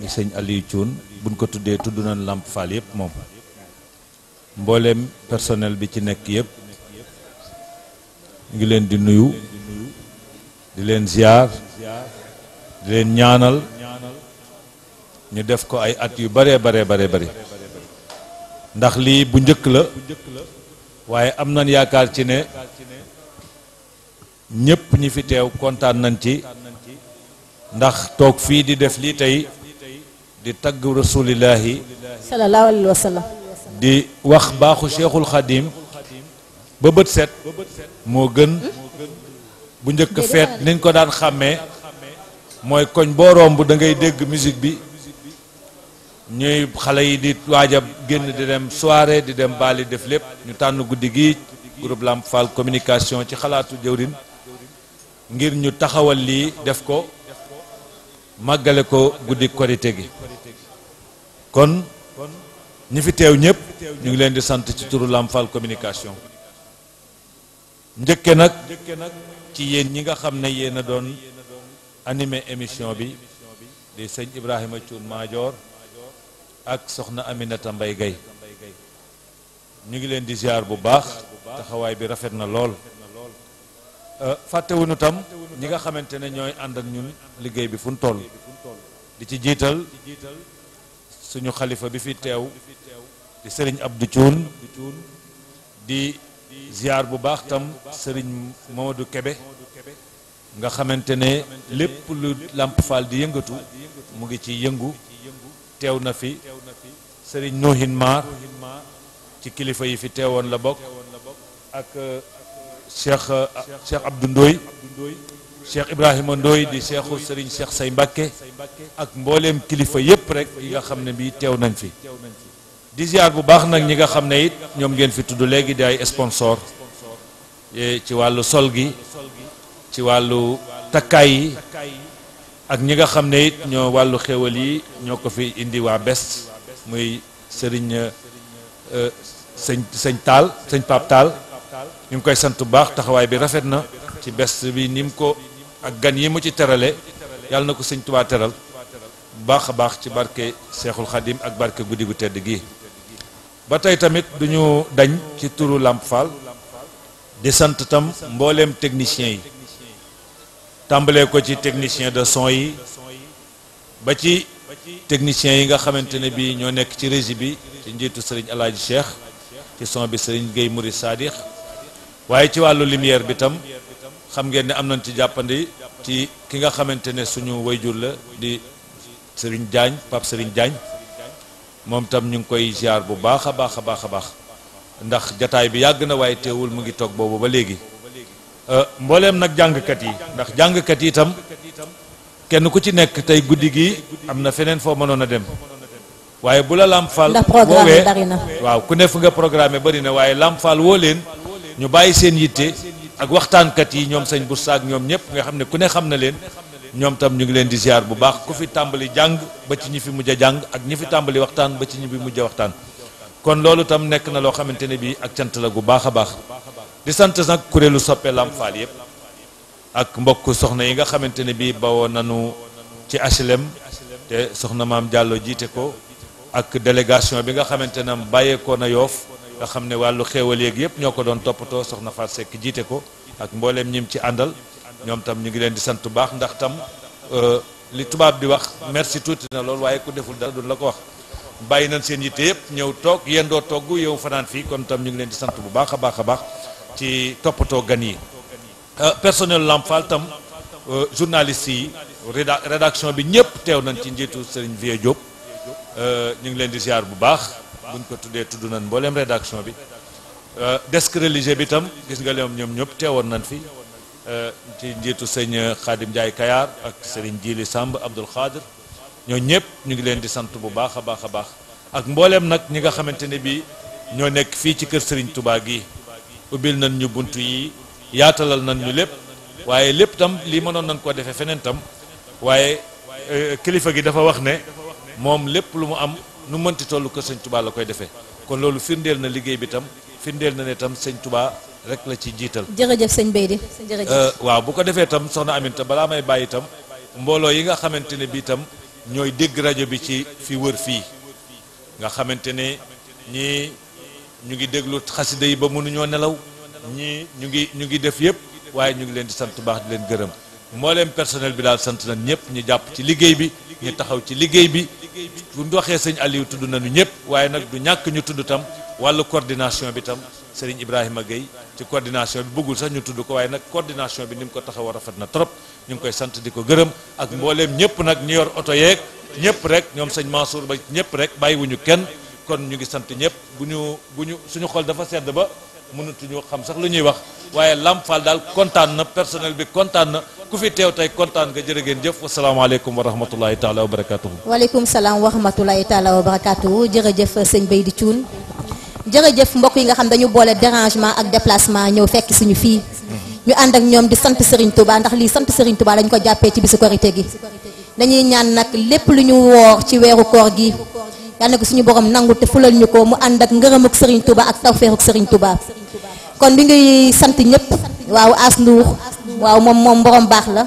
ñu sëñ Aliou Thioune buñ ko tuddee tudd nañ Lamp Fall yëpp moom mbooleem personnel bi ci nekk yëpp ñu ngi leen di nuyu dilen ziar dilen leen ñaanal ñu def ko ay at yu bare bare bare bare ndax li bu ñëk la waye am nañ yaakar ci ne ñépp ñi fi tew contant nañ ci ndax tok fi di def li tay di tag rasulillahi sallallahu alaihi wasallam di wax baaxu cheikhul khadim ba beut set mo gën bu ñëk fet niñ ko daan xamé moy koñ boo romb da ngay dégg musique bi ñuy xalé yi di waja genn di dem soirée di dem bali def lepp ñu tànn guddi gi groupe Lamp Fall communication ci xalaatu jëwrin ngir ñu taxawal li def ko magalé ko guddi gi kon ñi fi tew ñëpp ñu ngi leen di sante ci turu Lamp Fall communication njëkke nak ci yéen ñi nga xam ne yéen a doon anime émission bi di sëñ Ibrahima Thioune Madior ak soxna Aminata Mbaye Gueye ñu ngi leen di ziar bu baax taxawaay bi rafet na lool euh, fàttewuñu tam ñi nga xamante ne ñooy ànd ak ñun liggéey bi fu ñu toll di ci jiital suñu xalifa bi fi teew di sëriñ Abdou Thioune di ziar bu baax tam sëriñ Mamadou Kebe nga xamante ne lépp lu Lamp Fall di yëngatu mu ngi ci yëngu teew na fi sëriñ Nohin Maar ci kilifa yi fi teewoon la bokk ak euh, cheikh euh, cheikh Abdou Ndoy cheikh Ibrahima Ndoy di cheikhu sëriñ cheikh say Mbàkke ak mbooleem kilifa yépp rek yi nga xam ne bii teew nañ fi di bu baax nag ñi nga xam ne it ñoom ngeen fi tudd léegi di ay sponsor ci wàllu sol gi ci wàllu takkaay yi ak ñi nga xam ne it ñoo wàllu xéwal yi ñoo ko fi indi waa best muy sëriñ euh, sëñ sëñ taal sëñ Pape Taal ñu ngi koy sant bu baax taxawaay bi rafet na ci best bi ni ko ak gan yi mu ci terale yàlla na ko sëñ Tuubaa bu baax a baax ci barke Seexul Xadim ak barke guddi gu tedd gi ba tey tamit duñu dañ ci turu Lamp Fall di sant tam mbooleem techniciens yi tàmbalee ko ci technicien de son yi ba ci techniciens yi nga xamante ne bi ñoo nekk ci régie bi ci njiitu sëriñ alaaji Cheikh ci son bi sëriñ Guèye Mouride Sadikh waaye ci wàllu lumière bi tam xam ngeen ne am nañ ci jàppandi ci ki nga xamante ne suñu jur la di sëriñ Diagne Pape Sëriñ Diagne moom tam ñu ngi koy ziar bu baax a baax a baax a baax ndax jataay bi yàgg na waaye teewul mu ngi toog boobu ba léegi euh, mbooleem nag jàngkat yi ndax jàngkat yi itam kenn ku ci nekk tey guddi gi am na feneen foo mënoon a dem waaye bu la làmpfaal woowee waaw ku ne fu nga programme bari na waaye làmpfaal woo leen ñu bàyyi seen yitte ak waxtaankat yi ñoom sëñ bu saag ñoom ñëpp nga xam ne ku ne xam na leen ñoom tam ñu ngi leen di ziar bu baax ku fi tàmbali jàng ba ci ñi fi mujj a jàng ak ñi fi tàmbali waxtaan ba ci ñi fi mujj a waxtaan kon loolu tam nekk na loo xamante ne bii ak cant la gu baax a baax di sant nag kuréelu soppee Lamp Fall yëpp ak mbokk soxna yi nga xamante ne bii bawoo nanu ci HLM te soxna maam jàlloo jiite ko ak délégation bi nga xamante ne bàyyeekoo na yoof nga xam ne wàllu xéewal yeeg yëpp ñoo ko doon toppatoo soxna Fatou Seck jiite ko ak mbooleem ñim ci àndal ñoom tam ñu ngi leen di sant bu baax ndax tam euh, li tubaab di wax merci tuuti na loolu waaye ku deful dara duñ la ko wax bàyyi nañ seen yitte yëpp ñëw toog yéen doo togg yow fanaan fii kon tam ñu ngi leen di sant bu baax a baax a baax ci toppatoo gan yi euh, personnel Lamp Fall tam euh, journaliste yi rédaction bi ñëpp teew nañ ci njiitu Serigne Vieux Diop ñu ngi leen di ziar bu baax buñ ko tuddee tudd nañ mbooleem rédaction bi desk religieux bi tam gis nga leen ñoom ñëpp teewoon nañ fi Euh, ci njiitu sëñ euh, Khadim Ndiaye Kayar ak Serigne Djili Samb Abdoul Khadir ñoo ñëpp ñu ngi leen di sant bu baax a baax a baax ak mbooleem nag ñi nga xamante ne bii ñoo nekk fii ci kër sëriñ Touba gi ubbil nañ ñu bunt yi yaatalal nañ ñu lépp waaye lépp tam lii mënoon nañ koo defee feneen tam waaye euh, kilifa gi dafa wax ne moom lépp lu mu am nu mënti tollu kër Sëñ Touba la koy defee kon loolu firndeel na liggéey bi tam firndeel na ne tam Sëñ Touba. rek la ci jiital. jërëjëf sëñ Beydi jërëjëf. Euh, waaw bu ko defee itam soxna Aminta balaa may bàyyi itam mbooloo yi nga xamante ne bii itam ñooy dégg rajo bi ci fi wër fii nga xamante ne ñii ñu ngi déglu xasida yi ba mënuñoo nelaw ñii ñu ngi ñu ngi def yëpp waaye ñu ngi leen di sant baax di leen gërëm. mbooleem personnel bi daal sant nañ ñëpp ñu jàpp ci liggéey bi ñu taxaw ci liggéey bi bu ndoxee waxee sëñ Aliou tudd nañu ñëpp waaye nag du ñàkk ñu tudd tam wàllu coordination bi tam Serigne Ibrahima Gueye ci coordination bi bëggul sax ñu tudd ko waaye nag coordination bi ni ko taxawoo rafet na trop ñu ngi koy sant di ko gërëm ak mbooleem ñëpp nag ñu yor oto yeeg ñëpp rek ñoom sëñ Mansour ba ñëpp rek bàyyiwuñu kenn kon ñu ngi sant ñëpp bu ñu bu ñu suñu xol dafa sedd ba mënatuñu xam sax lu ñuy wax waaye Lamp Fall daal kontaan na personnel bi kontaan na ku fi teew tey kontaan nga jërë ngeen jëf wasalaamaaleykum wa rahmatulahi taala wa barakatuhu waaleykum jërëjëf mbokk yi nga xam dañu boole dérangement ak déplacement ñëw fekk suñu fii ñu ànd ak ñoom di sant Serigne Touba ndax lii sant Serigne Touba dañ ko jàppee ci bisu korité gi dañuy ñaan nag lépp lu ñu woor ci weeru koor gi yàlla ko suñu borom nangu te fulal ñu ko mu ànd ak ngërëm ak Serigne Touba ak tawféex ak Serigne Touba kon bi ngi sant ñëpp waaw As Ndour waaw moom moom borom baax la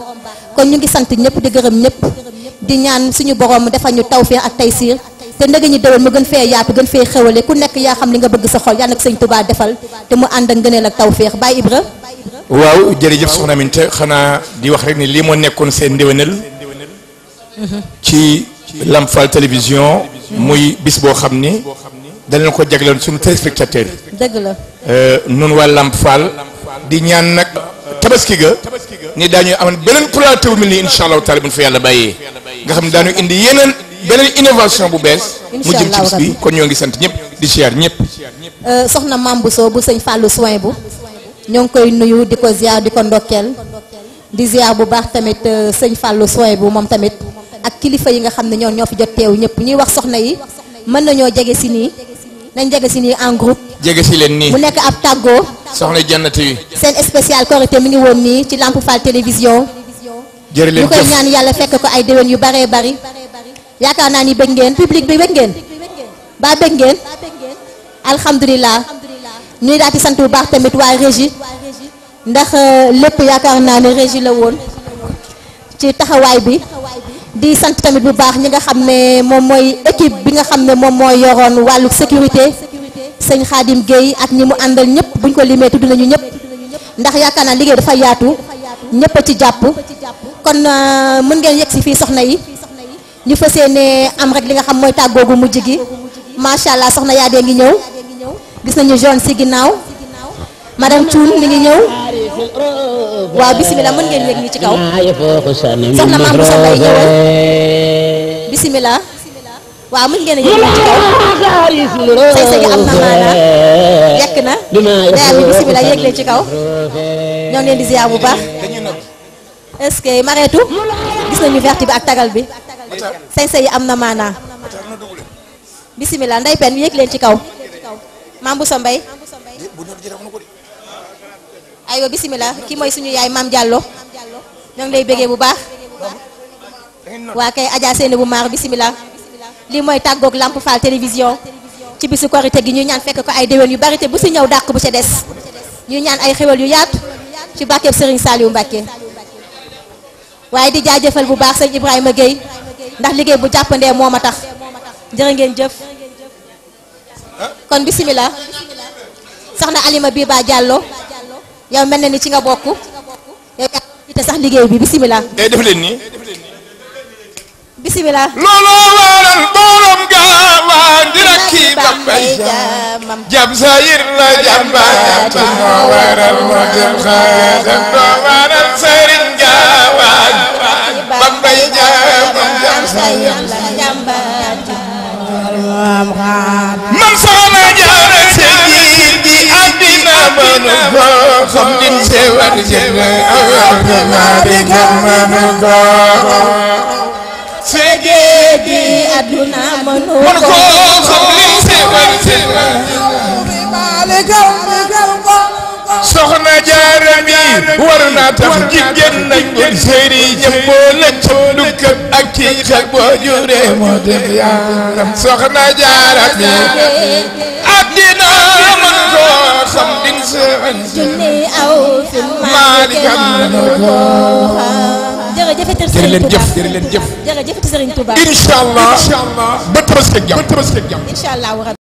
kon ñu ngi sant ñëpp di gërëm ñëpp di ñaan suñu borom dafa ñu tawféex ak taysiir te ndege ñi déwén mu gën fee yaatu gën fee xewale ku nekk yaa xam li nga bëgg sa xol yàlla nag sëñ Touba defal te mu ànd ak ngëneel ak tawféex Baye Ibra waaw jërëjëf soxna Minte xanaa di wax rek ni lii moo nekkoon seen ndéwénal ci Lamp Fall télévision muy bis boo xam ni danañ ko jagleen suñu téléspectateur dëgg la noonu euh, waa Lamp Fall di ñaan nag tabaski ga ni daañu amoon beneen plateau mel nii incha allahu taala bu ñu fa yàlla bàyyee nga xam ne daañu indi yeneen beneen innovation bu bees. mu jëm ci bis kon ñoo ngi sant ñëpp di siyaar ñëpp. Euh, soxna Mame Bousso bu sëñ Fallou soin bu ñoo ngi koy nuyu di ko ziar di ko ndokkeel di ziar bu baax tamit euh, sëñ Fallou soin bu moom tamit ak kilifa yi nga xam ne ñoom ñoo fi jot teew ñëpp ñuy wax soxna yi mën nañoo jege si nii nañ jege si nii en groupe. jege si leen nii mu nekk ab tàggoo. soxna jannat yi seen spécial Korité mi ngi woon nii ci Lamp Fall télévision. jërë leen jëf ñu koy ñaan yàlla fekk ko ay déwén yu baree bari. yaakaar naa ni bëgg ngeen public bi bëgg ngeen ba bëgg ngeen alhamdulilah ñuy daal di sant bu baax tamit waa régie ndax euh, lépp yaakaar naa ne régie la woon ci taxawaay bi di sant tamit bu baax ñi nga xam ne moom mooy équipe bi nga xam ne moom mooy yoroon wàllu sécurité sëñ Khadim Gueye ak ñi mu àndal ñëpp buñ ko limee tudd nañu ñëpp ndax yaakaar naa liggéey dafa yaatu ñëpp a ci jàpp kon euh, mën ngeen yegg si fii soxna yi. ñu fas yéene am rek li nga xam mooy tàggoogu mujj gi macha allah soxna yaa dee ngi ñëw gis nañu jaune si ginnaaw madame Thioune mi ngi ñëw waaw bisimilah mën ngeen yéeg nii ci kaw soxna maam bu soxla yi ñëwal bisimilah waaw mën ngeen yéeg nii ci kaw say say am na maanaa yekk na day am bisimilah leen ci kaw ñoo leen di ziar bu baax est-ce mareetu gis nañu vert bi ak tagal bi. sañse yi am na maanaa bisimilah nday pen yéeg leen ci kaw maam bu sa mbay aywa bisimilah ki mooy suñu yaay maam Diallo ñoo ngi lay bégee bu baax waa kay Adja seeni bu maar bisimilah lii mooy tàggook làmp Fall télévision ci bisu korité gi ñuy ñaan fekk ko ay déwén yu bari te bu si ñëw dàq bu ca des ñuy ñaan ay xéwal yu yaatu ci barkeb Serigne Saliou Mbacké waaye di jaajëfal bu baax sëñ Ibrahima Gueye ndax liggey bu jappande moma tax jere ngeen jëf kon bismillah saxna Alima Biba Diallo yow mel ni ci nga bokku yow sax liggey bi bismillah eh def len ni bismillah man soxna jaara sëriñ bi àddina mënu ko xam din sewar jëne àddina di mënu ko sëriñ bi àddina mënu ko xam din sewar jëne soxna jaara mi war na tax jigéen nañ ko sëriñ jëmboo la ca dukkam kii xëy boo juree moo dem yaaram soxna jaara bi ak dina mën koo xam ding seen junni aw fi maalikam na ko jërëjëf jërë leen jëf jërë leen jëf jërëjëf Serigne Touba incha allah incha allah ba tabaski ak jàmm ba tabaski ak jàmm incha allah